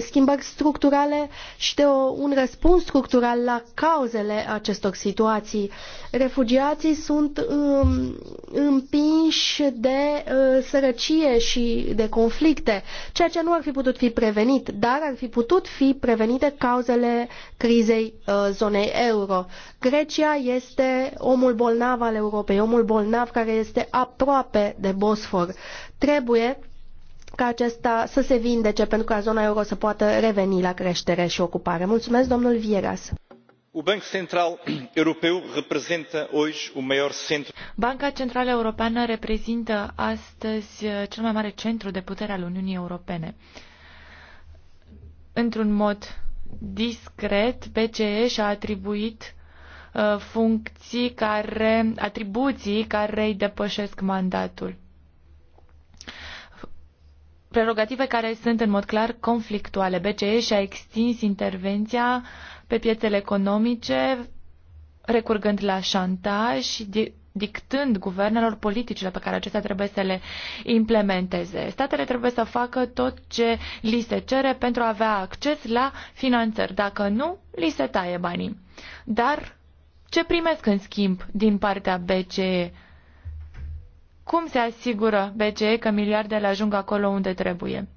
schimbări structurale și de un răspuns structural la cauzele acestor situații refugiații sunt um, împinși de uh, sărăcie și de conflicte, ceea ce nu ar fi putut fi prevenit, dar ar fi putut fi prevenite cauzele crizei uh, zonei euro. Grecia este omul bolnav al Europei, omul bolnav care este aproape de Bosfor. Trebuie ca acesta să se vindece pentru ca zona euro să poată reveni la creștere și ocupare. Mulțumesc, domnul Vieras. banca centrală europeană reprezintă astăzi uh, cel mai mare centru de putere al uniunii europene. într un mod discret bce și a atribuit uh, funcții care atribuții care îi depășesc mandatul prerogative care sunt în mod clar conflictuale. BCE și-a extins intervenția uh, pe piețele economice, recurgând la șantaj și dictând guvernelor politicile pe care acestea trebuie să le implementeze. Statele trebuie să facă tot ce li se cere pentru a avea acces la finanțări. Dacă nu, li se taie banii. Dar ce primesc în schimb din partea BCE? Cum se asigură BCE că miliardele ajung acolo unde trebuie?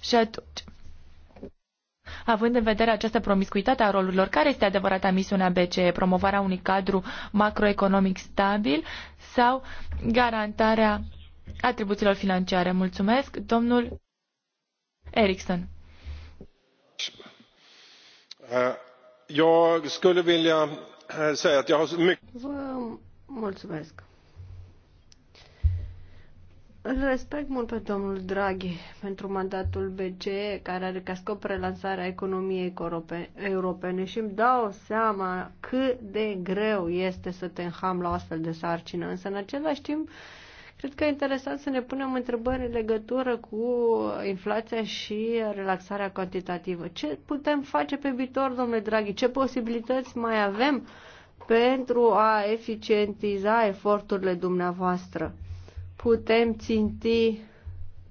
Și atunci, având în vedere această promiscuitate a rolurilor. Care este adevărata misiunea BCE? Promovarea unui cadru macroeconomic stabil sau garantarea atribuțiilor financiare? Mulțumesc, domnul Eriksson. Eh, eh, Vă mulțumesc. Îl respect mult pe domnul Draghi pentru mandatul BCE, care are ca scop relansarea economiei europene și îmi dau seama cât de greu este să te înham la o astfel de sarcină. Însă, în același timp, cred că e interesant să ne punem întrebări în legătură cu inflația și relaxarea cantitativă. Ce putem face pe viitor, domnule Draghi? Ce posibilități mai avem pentru a eficientiza eforturile dumneavoastră? putem ținti,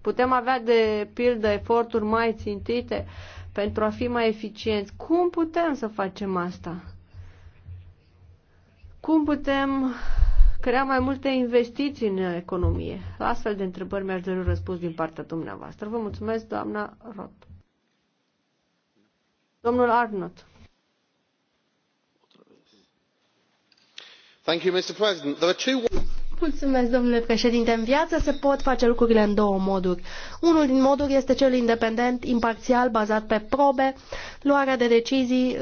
putem avea de pildă eforturi mai țintite pentru a fi mai eficienți. Cum putem să facem asta? Cum putem crea mai multe investiții în economie? La astfel de întrebări mi-aș dori răspuns din partea dumneavoastră. Vă mulțumesc, doamna Rot. Domnul Arnott. Thank you, Mr. President. There are two... Mulțumesc, domnule președinte. În viață se pot face lucrurile în două moduri. Unul din moduri este cel independent, imparțial, bazat pe probe, luarea de decizii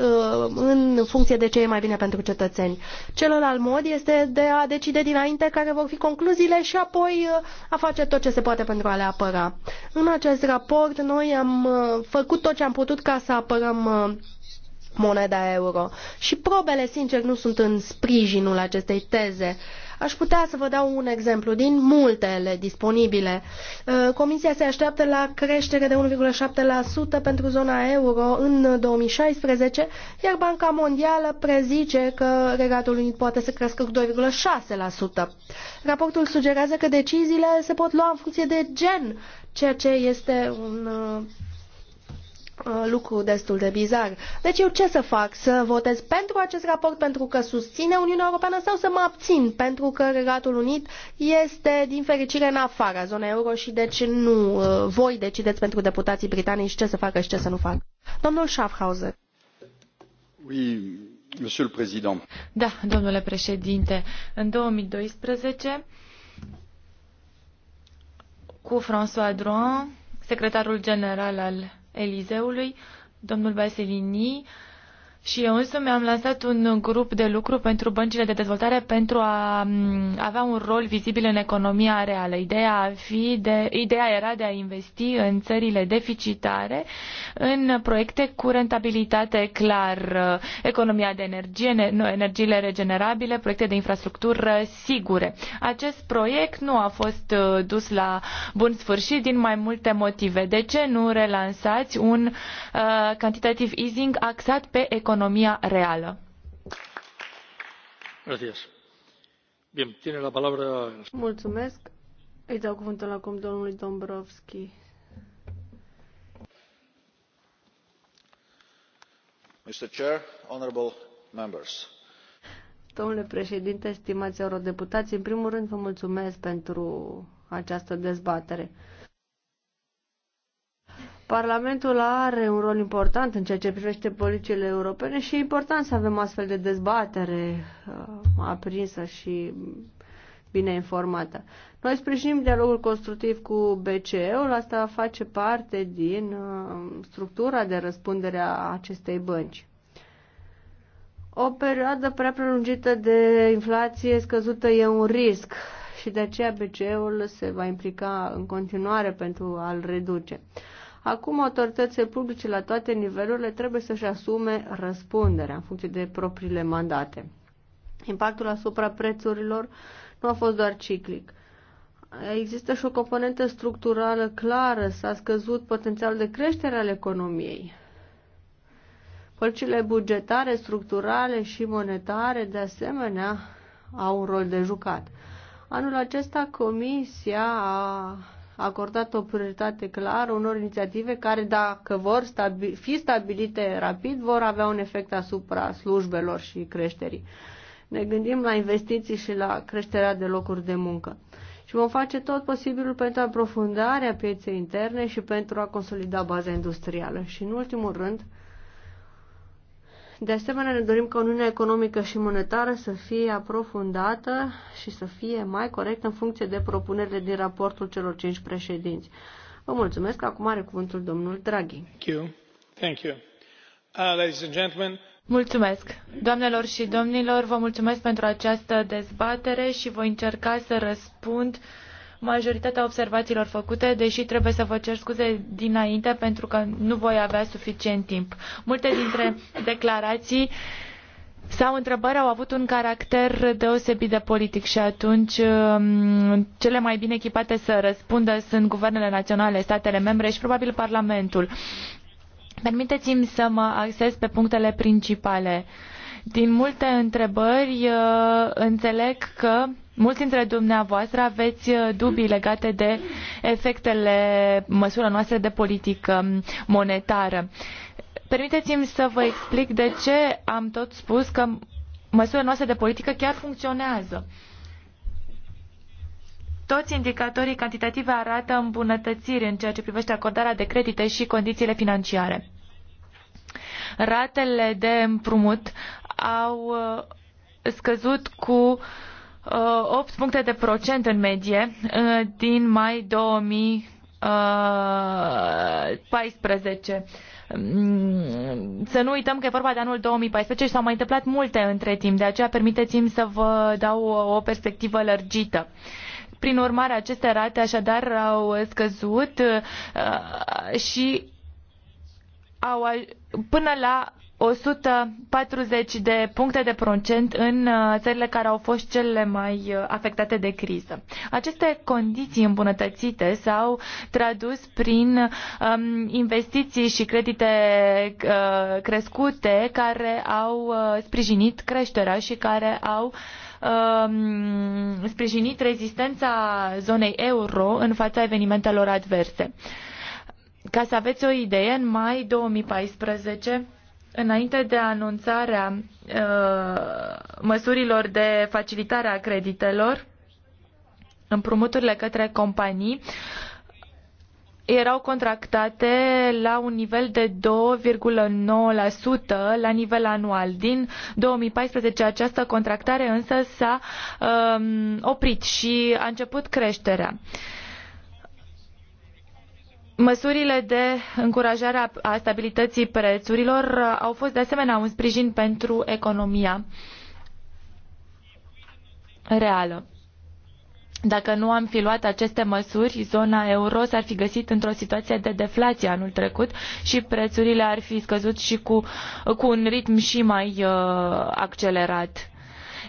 uh, în funcție de ce e mai bine pentru cetățeni. Celălalt mod este de a decide dinainte care vor fi concluziile și apoi uh, a face tot ce se poate pentru a le apăra. În acest raport noi am uh, făcut tot ce am putut ca să apărăm moneda euro. Și probele, sincer, nu sunt în sprijinul acestei teze. Aș putea să vă dau un exemplu din multele disponibile. Uh, Comisia se așteaptă la creștere de 1,7% pentru zona euro în 2016, iar Banca Mondială prezice că Regatul Unit poate să crească cu 2,6%. Raportul sugerează că deciziile se pot lua în funcție de gen, ceea ce este un uh, Uh, lucru destul de bizar. Deci eu ce să fac? Să votez pentru acest raport pentru că susține Uniunea Europeană sau să mă abțin pentru că Regatul Unit este din fericire în afara zonei euro și deci nu uh, voi decideți pentru deputații britanici ce să facă și ce să nu facă. Domnul Schaffhauser. Oui, monsieur le président. Da, domnule președinte, în 2012 cu François Drouin, secretarul general al Elizeului, domnul Baselini, și eu însă mi-am lansat un grup de lucru pentru băncile de dezvoltare pentru a avea un rol vizibil în economia reală. Ideea, a fi de, ideea era de a investi în țările deficitare, în proiecte cu rentabilitate clar, uh, economia de energie, energiile regenerabile, proiecte de infrastructură sigure. Acest proiect nu a fost uh, dus la bun sfârșit din mai multe motive. De ce nu relansați un uh, quantitative easing axat pe economia economia reală. Mulțumesc. dau cuvântul acum Domnule președinte, stimați eurodeputați, în primul rând vă mulțumesc pentru această dezbatere. Parlamentul are un rol important în ceea ce privește politicile europene și e important să avem astfel de dezbatere uh, aprinsă și bine informată. Noi sprijinim dialogul constructiv cu BCE-ul, asta face parte din uh, structura de răspundere a acestei bănci. O perioadă prea prelungită de inflație scăzută e un risc și de aceea BCE-ul se va implica în continuare pentru a-l reduce. Acum autoritățile publice la toate nivelurile trebuie să-și asume răspunderea în funcție de propriile mandate. Impactul asupra prețurilor nu a fost doar ciclic. Există și o componentă structurală clară, s-a scăzut potențialul de creștere al economiei. Părțile bugetare, structurale și monetare, de asemenea, au un rol de jucat. Anul acesta Comisia a acordat o prioritate clară unor inițiative care, dacă vor stabi- fi stabilite rapid, vor avea un efect asupra slujbelor și creșterii. Ne gândim la investiții și la creșterea de locuri de muncă. Și vom face tot posibilul pentru aprofundarea pieței interne și pentru a consolida baza industrială. Și în ultimul rând, de asemenea, ne dorim ca Uniunea Economică și Monetară să fie aprofundată și să fie mai corectă în funcție de propunerile din raportul celor cinci președinți. Vă mulțumesc. Acum are cuvântul domnul Draghi. Thank you. Thank you. Uh, ladies and gentlemen, Mulțumesc. Doamnelor și domnilor, vă mulțumesc pentru această dezbatere și voi încerca să răspund uh, majoritatea observațiilor făcute, deși trebuie să vă cer scuze dinainte pentru că nu voi avea suficient timp. Multe dintre declarații sau întrebări au avut un caracter deosebit de politic și atunci um, cele mai bine echipate să răspundă sunt guvernele naționale, statele membre și probabil Parlamentul. Permiteți-mi să mă axez pe punctele principale. Din multe întrebări uh, înțeleg că Mulți dintre dumneavoastră aveți uh, dubii legate de efectele măsurilor noastre de politică um, monetară. Permiteți-mi să vă explic de ce am tot spus că măsurile noastre de politică chiar funcționează. Toți indicatorii cantitative arată îmbunătățiri în ceea ce privește acordarea de credite și condițiile financiare. Ratele de împrumut au uh, scăzut cu 8 uh, puncte de procent în medie uh, din mai 2014. Uh, mm, să nu uităm că e vorba de anul 2014 și s-au mai întâmplat multe între timp, de aceea permiteți-mi să vă dau o perspectivă lărgită. Prin urmare, aceste rate așadar au scăzut și au, până la 140 de puncte de procent în uh, țările care au fost cele mai uh, afectate de criză. Aceste condiții îmbunătățite s-au tradus prin um, investiții și credite uh, crescute care au uh, sprijinit creșterea și care au um, sprijinit rezistența zonei euro în fața evenimentelor adverse. Ca să aveți o idee, în mai 2014 înainte de anunțarea uh, măsurilor de facilitare a creditelor, împrumuturile către companii erau contractate la un nivel de 2,9% la nivel anual. Din 2014 această contractare însă s-a um, oprit și a început creșterea. Uh, Măsurile de încurajare a stabilității prețurilor uh, au fost de asemenea un sprijin pentru economia reală. Dacă nu am fi luat aceste măsuri, zona euro s-ar fi găsit într-o situație de deflație anul trecut și prețurile ar fi scăzut și cu, cu un ritm și mai uh, accelerat.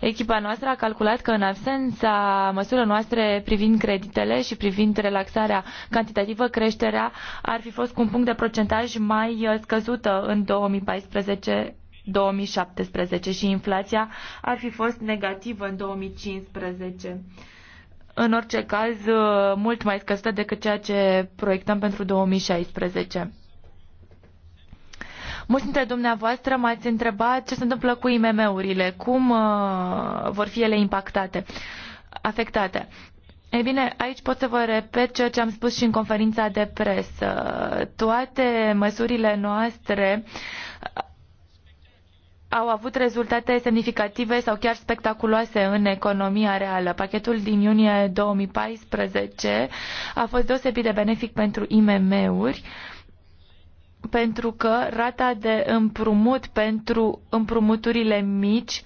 Echipa noastră a calculat că în absența măsurilor noastre privind creditele și privind relaxarea cantitativă, creșterea ar fi fost cu un punct de procentaj mai uh, scăzută în 2014 2017 și inflația ar fi fost negativă în 2015. În orice caz, uh, mult mai scăzută decât ceea ce proiectăm pentru 2016. Mulți dintre dumneavoastră m-ați întrebat ce se întâmplă cu IMM-urile, cum uh, vor fi ele impactate, afectate. Ei bine, aici pot să vă repet ceea ce am spus și în conferința de presă. Toate măsurile noastre uh, au avut rezultate semnificative sau chiar spectaculoase în economia reală. Pachetul din iunie 2014 a fost deosebit de benefic pentru IMM-uri. Uh, pentru că rata de împrumut pentru împrumuturile mici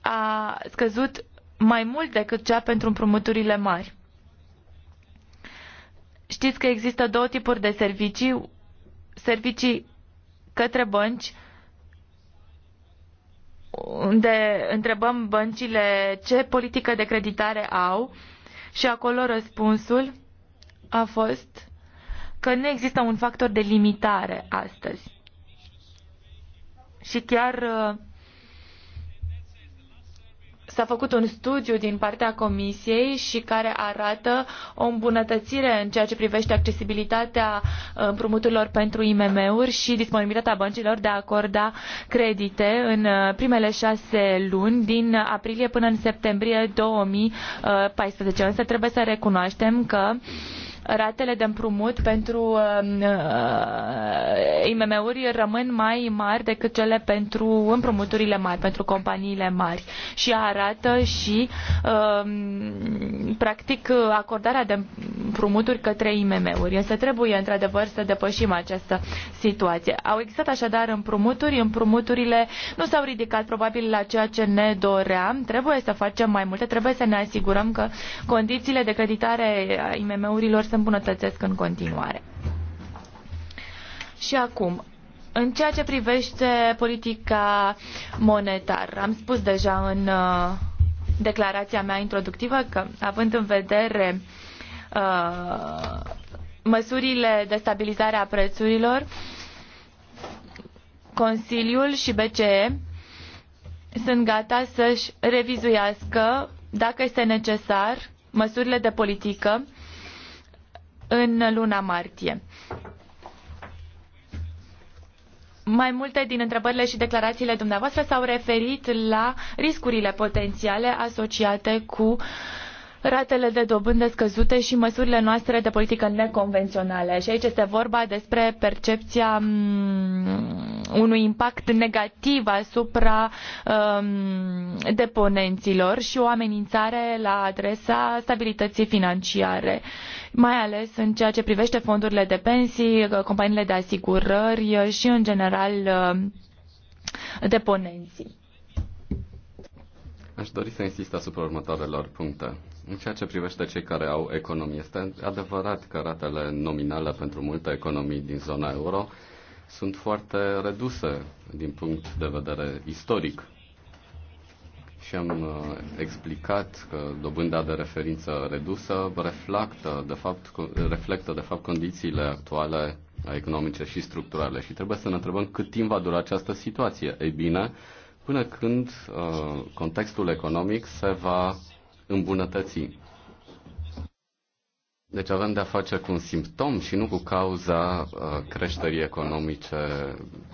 a scăzut mai mult decât cea pentru împrumuturile mari. Știți că există două tipuri de servicii, servicii către bănci, unde întrebăm băncile ce politică de creditare au și acolo răspunsul a fost că nu există un factor de limitare astăzi. Și chiar uh, s-a făcut un studiu din partea Comisiei și care arată o îmbunătățire în ceea ce privește accesibilitatea uh, împrumuturilor pentru IMM-uri și disponibilitatea băncilor de a acorda credite în uh, primele șase luni din aprilie până în septembrie 2014. Însă trebuie să recunoaștem că uh, ratele de împrumut pentru um, uh, IMM-uri rămân mai mari decât cele pentru împrumuturile mari, pentru companiile mari și arată și um, practic acordarea de împrumuturi către IMM-uri. Însă trebuie într-adevăr să depășim această situație. Au existat așadar împrumuturi, împrumuturile nu s-au ridicat probabil la ceea ce ne doream. Trebuie să facem mai multe, trebuie să ne asigurăm că condițiile de creditare a IMM-urilor sunt îmbunătățesc în continuare. Și acum, în ceea ce privește politica monetară, am spus deja în uh, declarația mea introductivă că, având în vedere uh, măsurile de stabilizare a prețurilor, Consiliul și BCE sunt gata să-și revizuiască, dacă este necesar, măsurile de politică în luna martie. Mai multe din întrebările și declarațiile dumneavoastră s-au referit la riscurile potențiale asociate cu uh, ratele de dobândă scăzute și măsurile noastre de politică neconvenționale. Și aici este vorba despre percepția mm, unui impact negativ asupra um, deponenților și o amenințare la adresa stabilității financiare mai ales în ceea ce privește fondurile de pensii, companiile de asigurări și, în general, mm, deponenții. Aș dori să insist asupra următoarelor puncte. În ceea ce privește cei care au economii, este adevărat că ratele nominale pentru multe economii din zona euro sunt foarte reduse din punct de vedere istoric. Și am uh, explicat că dobânda de referință redusă reflectă de fapt, reflectă, de fapt condițiile actuale economice și structurale și trebuie să ne întrebăm cât timp va dura această situație. Ei bine, până când uh, contextul economic se va îmbunătăți. Deci avem de-a face cu un simptom și nu cu cauza uh, creșterii economice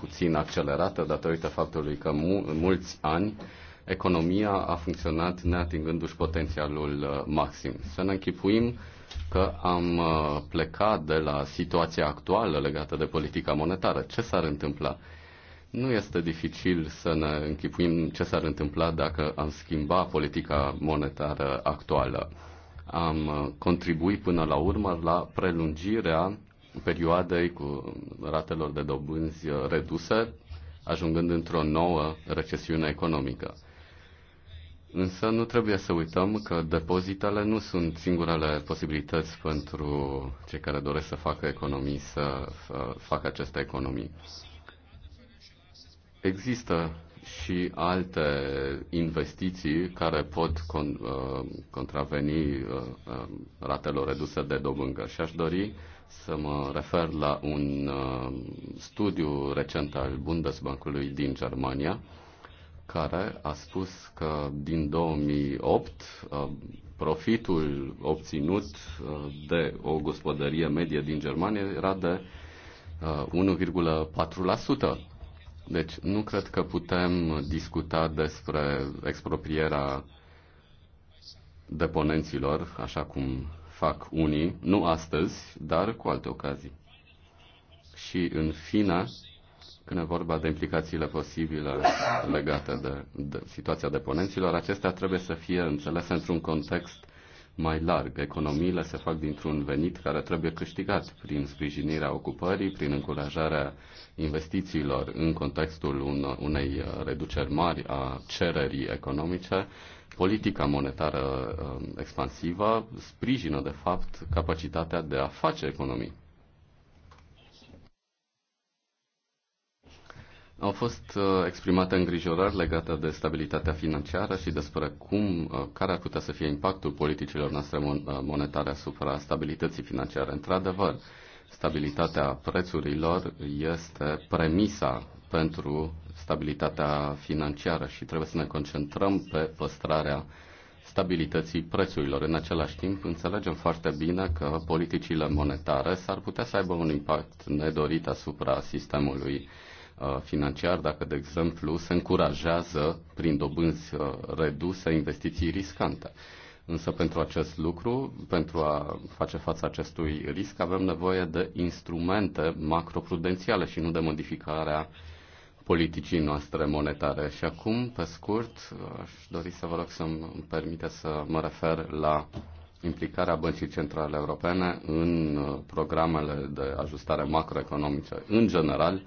puțin accelerată datorită faptului că mu- în mulți ani economia a funcționat neatingându-și potențialul uh, maxim. Să ne închipuim că am uh, plecat de la situația actuală legată de politica monetară. Ce s-ar întâmpla? Nu este dificil să ne închipuim ce s-ar întâmpla dacă am schimba politica monetară actuală. Am uh, contribuit până la urmă la prelungirea perioadei cu ratelor de dobânzi uh, reduse, ajungând într-o nouă recesiune economică. Însă nu trebuie să uităm că depozitele nu sunt singurele posibilități pentru cei care doresc să facă economii să facă aceste economii. Există și alte investiții care pot con, uh, contraveni uh, uh, ratelor reduse de dobândă. Și aș dori să mă refer la un uh, studiu recent al Bundesbankului din Germania, care a spus că din 2008 uh, profitul obținut uh, de o gospodărie medie din Germania era de uh, 1,4% deci nu cred că putem discuta despre exproprierea deponenților, așa cum fac unii, nu astăzi, dar cu alte ocazii. Și în fine, când e vorba de implicațiile posibile legate de, de situația deponenților, acestea trebuie să fie înțelese într-un context mai larg. Economiile se fac dintr-un venit care trebuie câștigat prin sprijinirea ocupării, prin încurajarea investițiilor în contextul unei reduceri mari a cererii economice. Politica monetară um, expansivă sprijină, de fapt, capacitatea de a face economii. Au fost uh, exprimate îngrijorări legate de stabilitatea financiară și despre cum, uh, care ar putea să fie impactul politicilor noastre uh, monetare asupra stabilității financiare. Într-adevăr, stabilitatea prețurilor este premisa pentru stabilitatea financiară și trebuie să ne concentrăm pe păstrarea stabilității prețurilor. În același timp, înțelegem foarte bine că politicile monetare s-ar putea să aibă un impact nedorit asupra sistemului uh, Uh, financiar dacă, de exemplu, se încurajează prin dobânzi uh, reduse investiții riscante. Însă pentru acest lucru, pentru a face față acestui risc, avem nevoie de instrumente macroprudențiale și nu de modificarea politicii noastre monetare. Și acum, pe scurt, aș dori să vă rog să-mi permite să mă refer la implicarea Băncii Centrale Europene în uh, programele de ajustare macroeconomice în general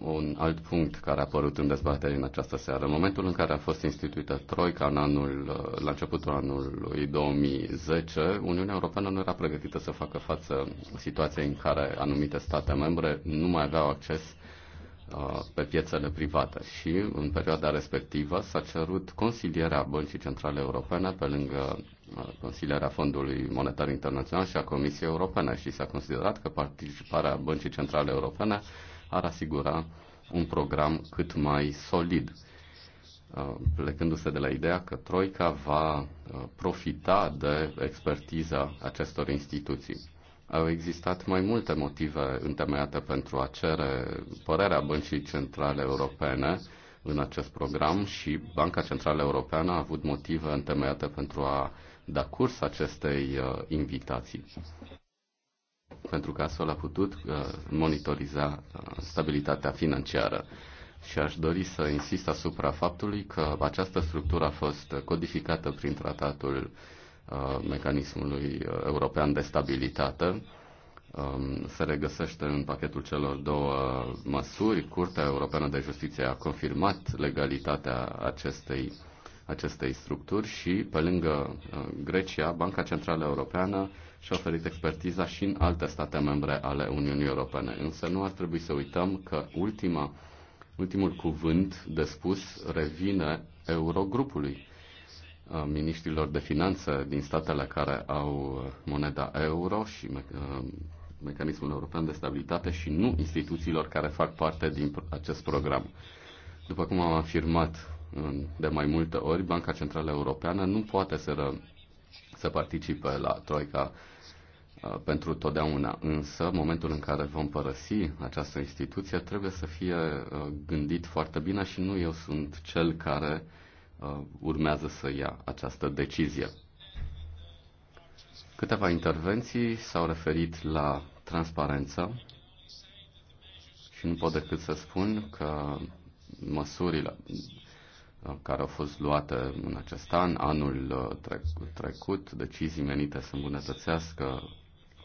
un alt punct care a apărut în dezbatere în această seară. În momentul în care a fost instituită Troica în anul, uh, la începutul anului 2010, Uniunea Europeană nu era pregătită să facă față situației în care anumite state membre nu mai aveau acces uh, pe piețele private și în perioada respectivă s-a cerut consilierea Băncii Centrale Europene pe lângă uh, consilierea Fondului Monetar Internațional și a Comisiei Europene și s-a considerat că participarea Băncii Centrale Europene ar asigura un program cât mai solid, uh, plecându-se de la ideea că Troica va uh, profita de expertiza acestor instituții. Au existat mai multe motive întemeiate pentru a cere părerea Băncii Centrale Europene în acest program și Banca Centrală Europeană a avut motive întemeiate pentru a da curs acestei uh, invitații pentru că astfel a putut uh, monitoriza uh, stabilitatea financiară. Și aș dori să insist asupra faptului că această structură a fost codificată prin tratatul uh, mecanismului european de stabilitate. Um, se regăsește în pachetul celor două măsuri. Curtea Europeană de Justiție a confirmat legalitatea acestei, acestei structuri și, pe lângă Grecia, Banca Centrală Europeană și oferit expertiza și în alte state membre ale Uniunii Europene. Însă nu ar trebui să uităm că ultima, ultimul cuvânt de spus revine Eurogrupului uh, ministrilor de finanță din statele care au uh, moneda euro și uh, mecanismul european de stabilitate și nu instituțiilor care fac parte din acest program. După cum am afirmat de mai multe ori, Banca Centrală Europeană nu poate să, ră, să participe la Troica Uh, pentru totdeauna. Însă, momentul în care vom părăsi această instituție trebuie să fie uh, gândit foarte bine și nu eu sunt cel care uh, urmează să ia această decizie. Câteva intervenții s-au referit la transparență și nu pot decât să spun că măsurile care au fost luate în acest an, anul trecut, decizii menite să îmbunătățească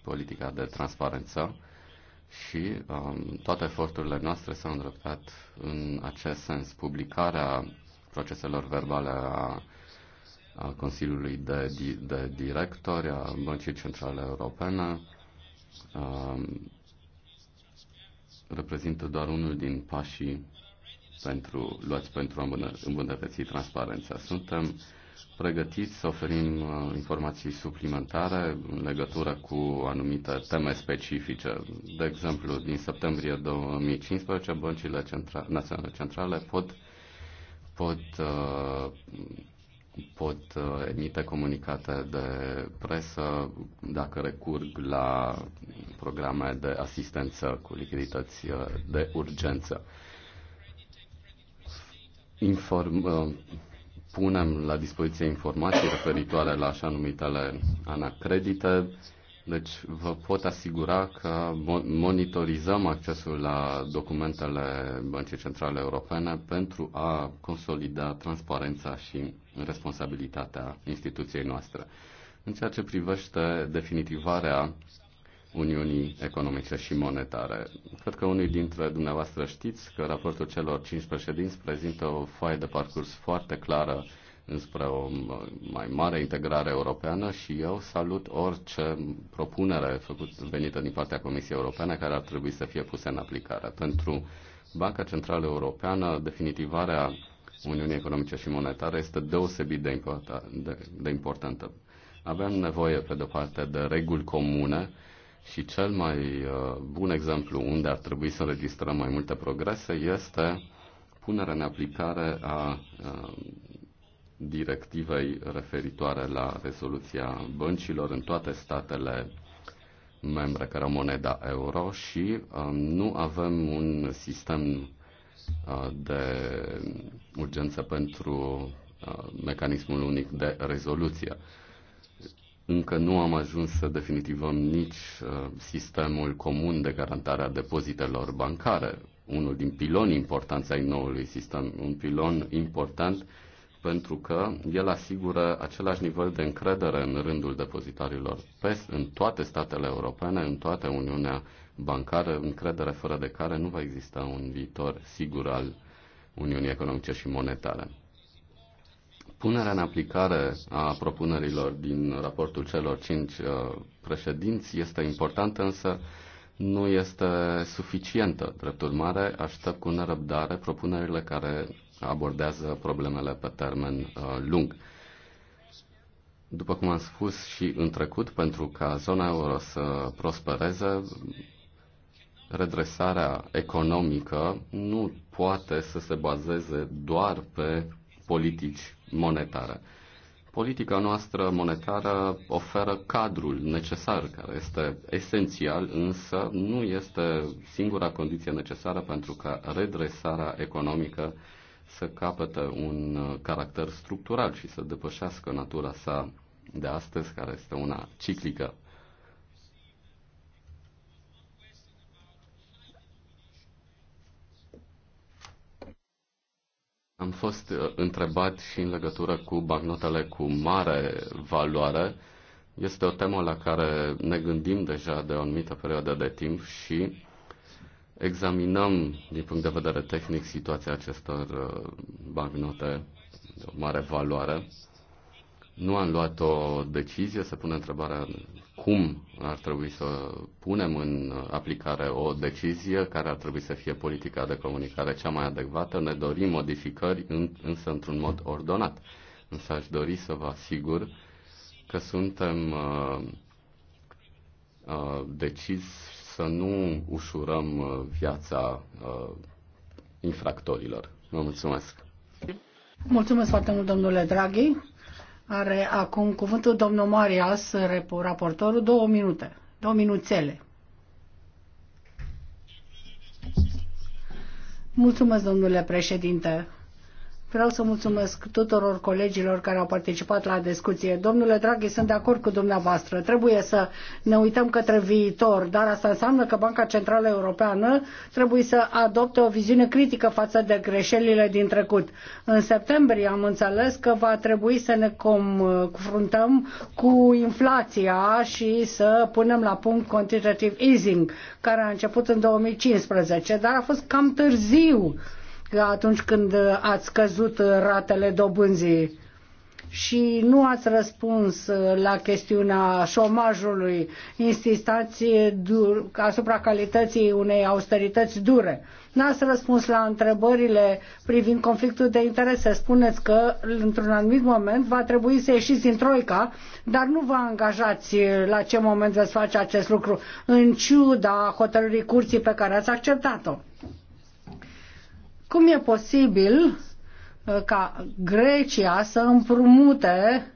politica de transparență și um, toate eforturile noastre s-au îndreptat în acest sens. Publicarea proceselor verbale a, a Consiliului de, de Directori, a Băncii Centrale Europene, um, reprezintă doar unul din pașii pentru, luați pentru a îmbunătăți transparența. Suntem pregătiți să oferim uh, informații suplimentare în legătură cu anumite teme specifice. De exemplu, din septembrie 2015, băncile centra- naționale centrale pot, pot, uh, pot uh, emite comunicate de presă dacă recurg la programe de asistență cu lichidități de urgență. Inform, punem la dispoziție informații referitoare la așa numitele anacredite, deci vă pot asigura că monitorizăm accesul la documentele Băncii Centrale Europene pentru a consolida transparența și responsabilitatea instituției noastre. În ceea ce privește definitivarea Uniunii Economice și Monetare. Cred că unii dintre dumneavoastră știți că raportul celor cinci președinți prezintă o foaie de parcurs foarte clară înspre o mai mare integrare europeană și eu salut orice propunere făcut, venită din partea Comisiei Europene care ar trebui să fie pusă în aplicare. Pentru Banca Centrală Europeană, definitivarea Uniunii Economice și Monetare este deosebit de, importa, de, de importantă. Avem nevoie, pe de-o parte, de reguli comune și cel mai uh, bun exemplu unde ar trebui să înregistrăm mai multe progrese este punerea în aplicare a uh, directivei referitoare la rezoluția băncilor în toate statele membre care au moneda euro și um, nu avem un sistem uh, de urgență pentru mecanismul unic de rezoluție încă nu am ajuns să definitivăm nici uh, sistemul comun de garantare a depozitelor bancare, unul din piloni importanți ai noului sistem, un pilon important pentru că el asigură același nivel de încredere în rândul depozitarilor în toate statele europene, în toată Uniunea Bancară, încredere fără de care nu va exista un viitor sigur al Uniunii Economice și Monetare. Punerea în aplicare a propunerilor din raportul celor cinci uh, președinți este importantă, însă nu este suficientă. Drept urmare, aștept cu nerăbdare propunerile care abordează problemele pe termen uh, lung. După cum am spus și în trecut, pentru ca zona euro să prospereze, redresarea economică nu poate să se bazeze doar pe politici monetară. Politica noastră monetară oferă cadrul necesar, care este esențial, însă nu este singura condiție necesară pentru ca redresarea economică să capete un caracter structural și să depășească natura sa de astăzi, care este una ciclică. Am fost uh, întrebat și în legătură cu bancnotele cu mare valoare. Este o temă la care ne gândim deja de o anumită perioadă de timp și examinăm din punct de vedere tehnic situația acestor uh, bancnote de o mare valoare. Nu am luat o decizie, să punem întrebarea cum ar trebui să punem în aplicare o decizie care ar trebui să fie politica de comunicare cea mai adecvată. Ne dorim modificări, însă într-un mod ordonat. Însă aș dori să vă asigur că suntem uh, uh, decis să nu ușurăm uh, viața uh, infractorilor. Vă mulțumesc! Mulțumesc foarte mult, domnule Draghi! Are acum cuvântul domnul Marias, raportorul, două minute, două minuțele. Mulțumesc, domnule președinte. Vreau să mulțumesc tuturor colegilor care au participat la discuție. Domnule Draghi, sunt de acord cu dumneavoastră. Trebuie să ne uităm către viitor, dar asta înseamnă că Banca Centrală Europeană trebuie să adopte o viziune critică față de greșelile din trecut. În septembrie am înțeles că va trebui să ne confruntăm cu inflația și să punem la punct quantitative easing, care a început în 2015, dar a fost cam târziu atunci când ați căzut ratele dobânzii și nu ați răspuns la chestiunea șomajului, insistați asupra calității unei austerități dure. N-ați răspuns la întrebările privind conflictul de interese. Spuneți că, într-un anumit moment, va trebui să ieșiți din Troica, dar nu vă angajați la ce moment veți face acest lucru, în ciuda hotărârii curții pe care ați acceptat-o. Cum e posibil uh, ca Grecia să împrumute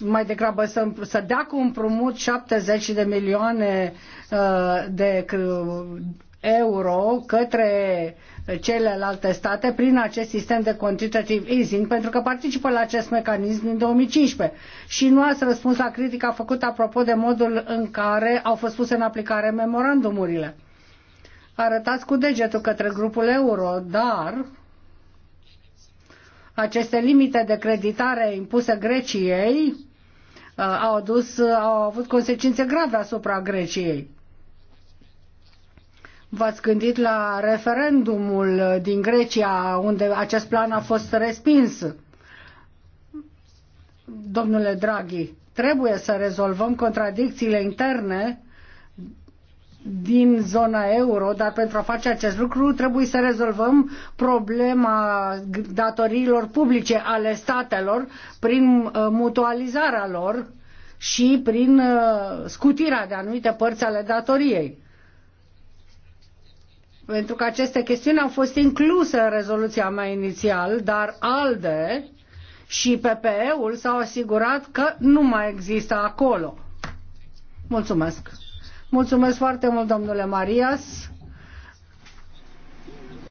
mai degrabă să, să dea cu împrumut 70 de milioane uh, de euro către celelalte state prin acest sistem de quantitative easing, pentru că participă la acest mecanism din 2015. Și nu ați răspuns la critica făcută apropo de modul în care au fost puse în aplicare memorandumurile arătați cu degetul către grupul euro, dar aceste limite de creditare impuse Greciei uh, au, adus, au avut consecințe grave asupra Greciei. V-ați gândit la referendumul din Grecia, unde acest plan a fost respins. Domnule Draghi, trebuie să rezolvăm contradicțiile interne din zona euro, dar pentru a face acest lucru trebuie să rezolvăm problema datoriilor publice ale statelor prin uh, mutualizarea lor și prin uh, scutirea de anumite părți ale datoriei. Pentru că aceste chestiuni au fost incluse în rezoluția mea inițial, dar ALDE și PPE-ul s-au asigurat că nu mai există acolo. Mulțumesc! Mulțumesc foarte mult, domnule Marias.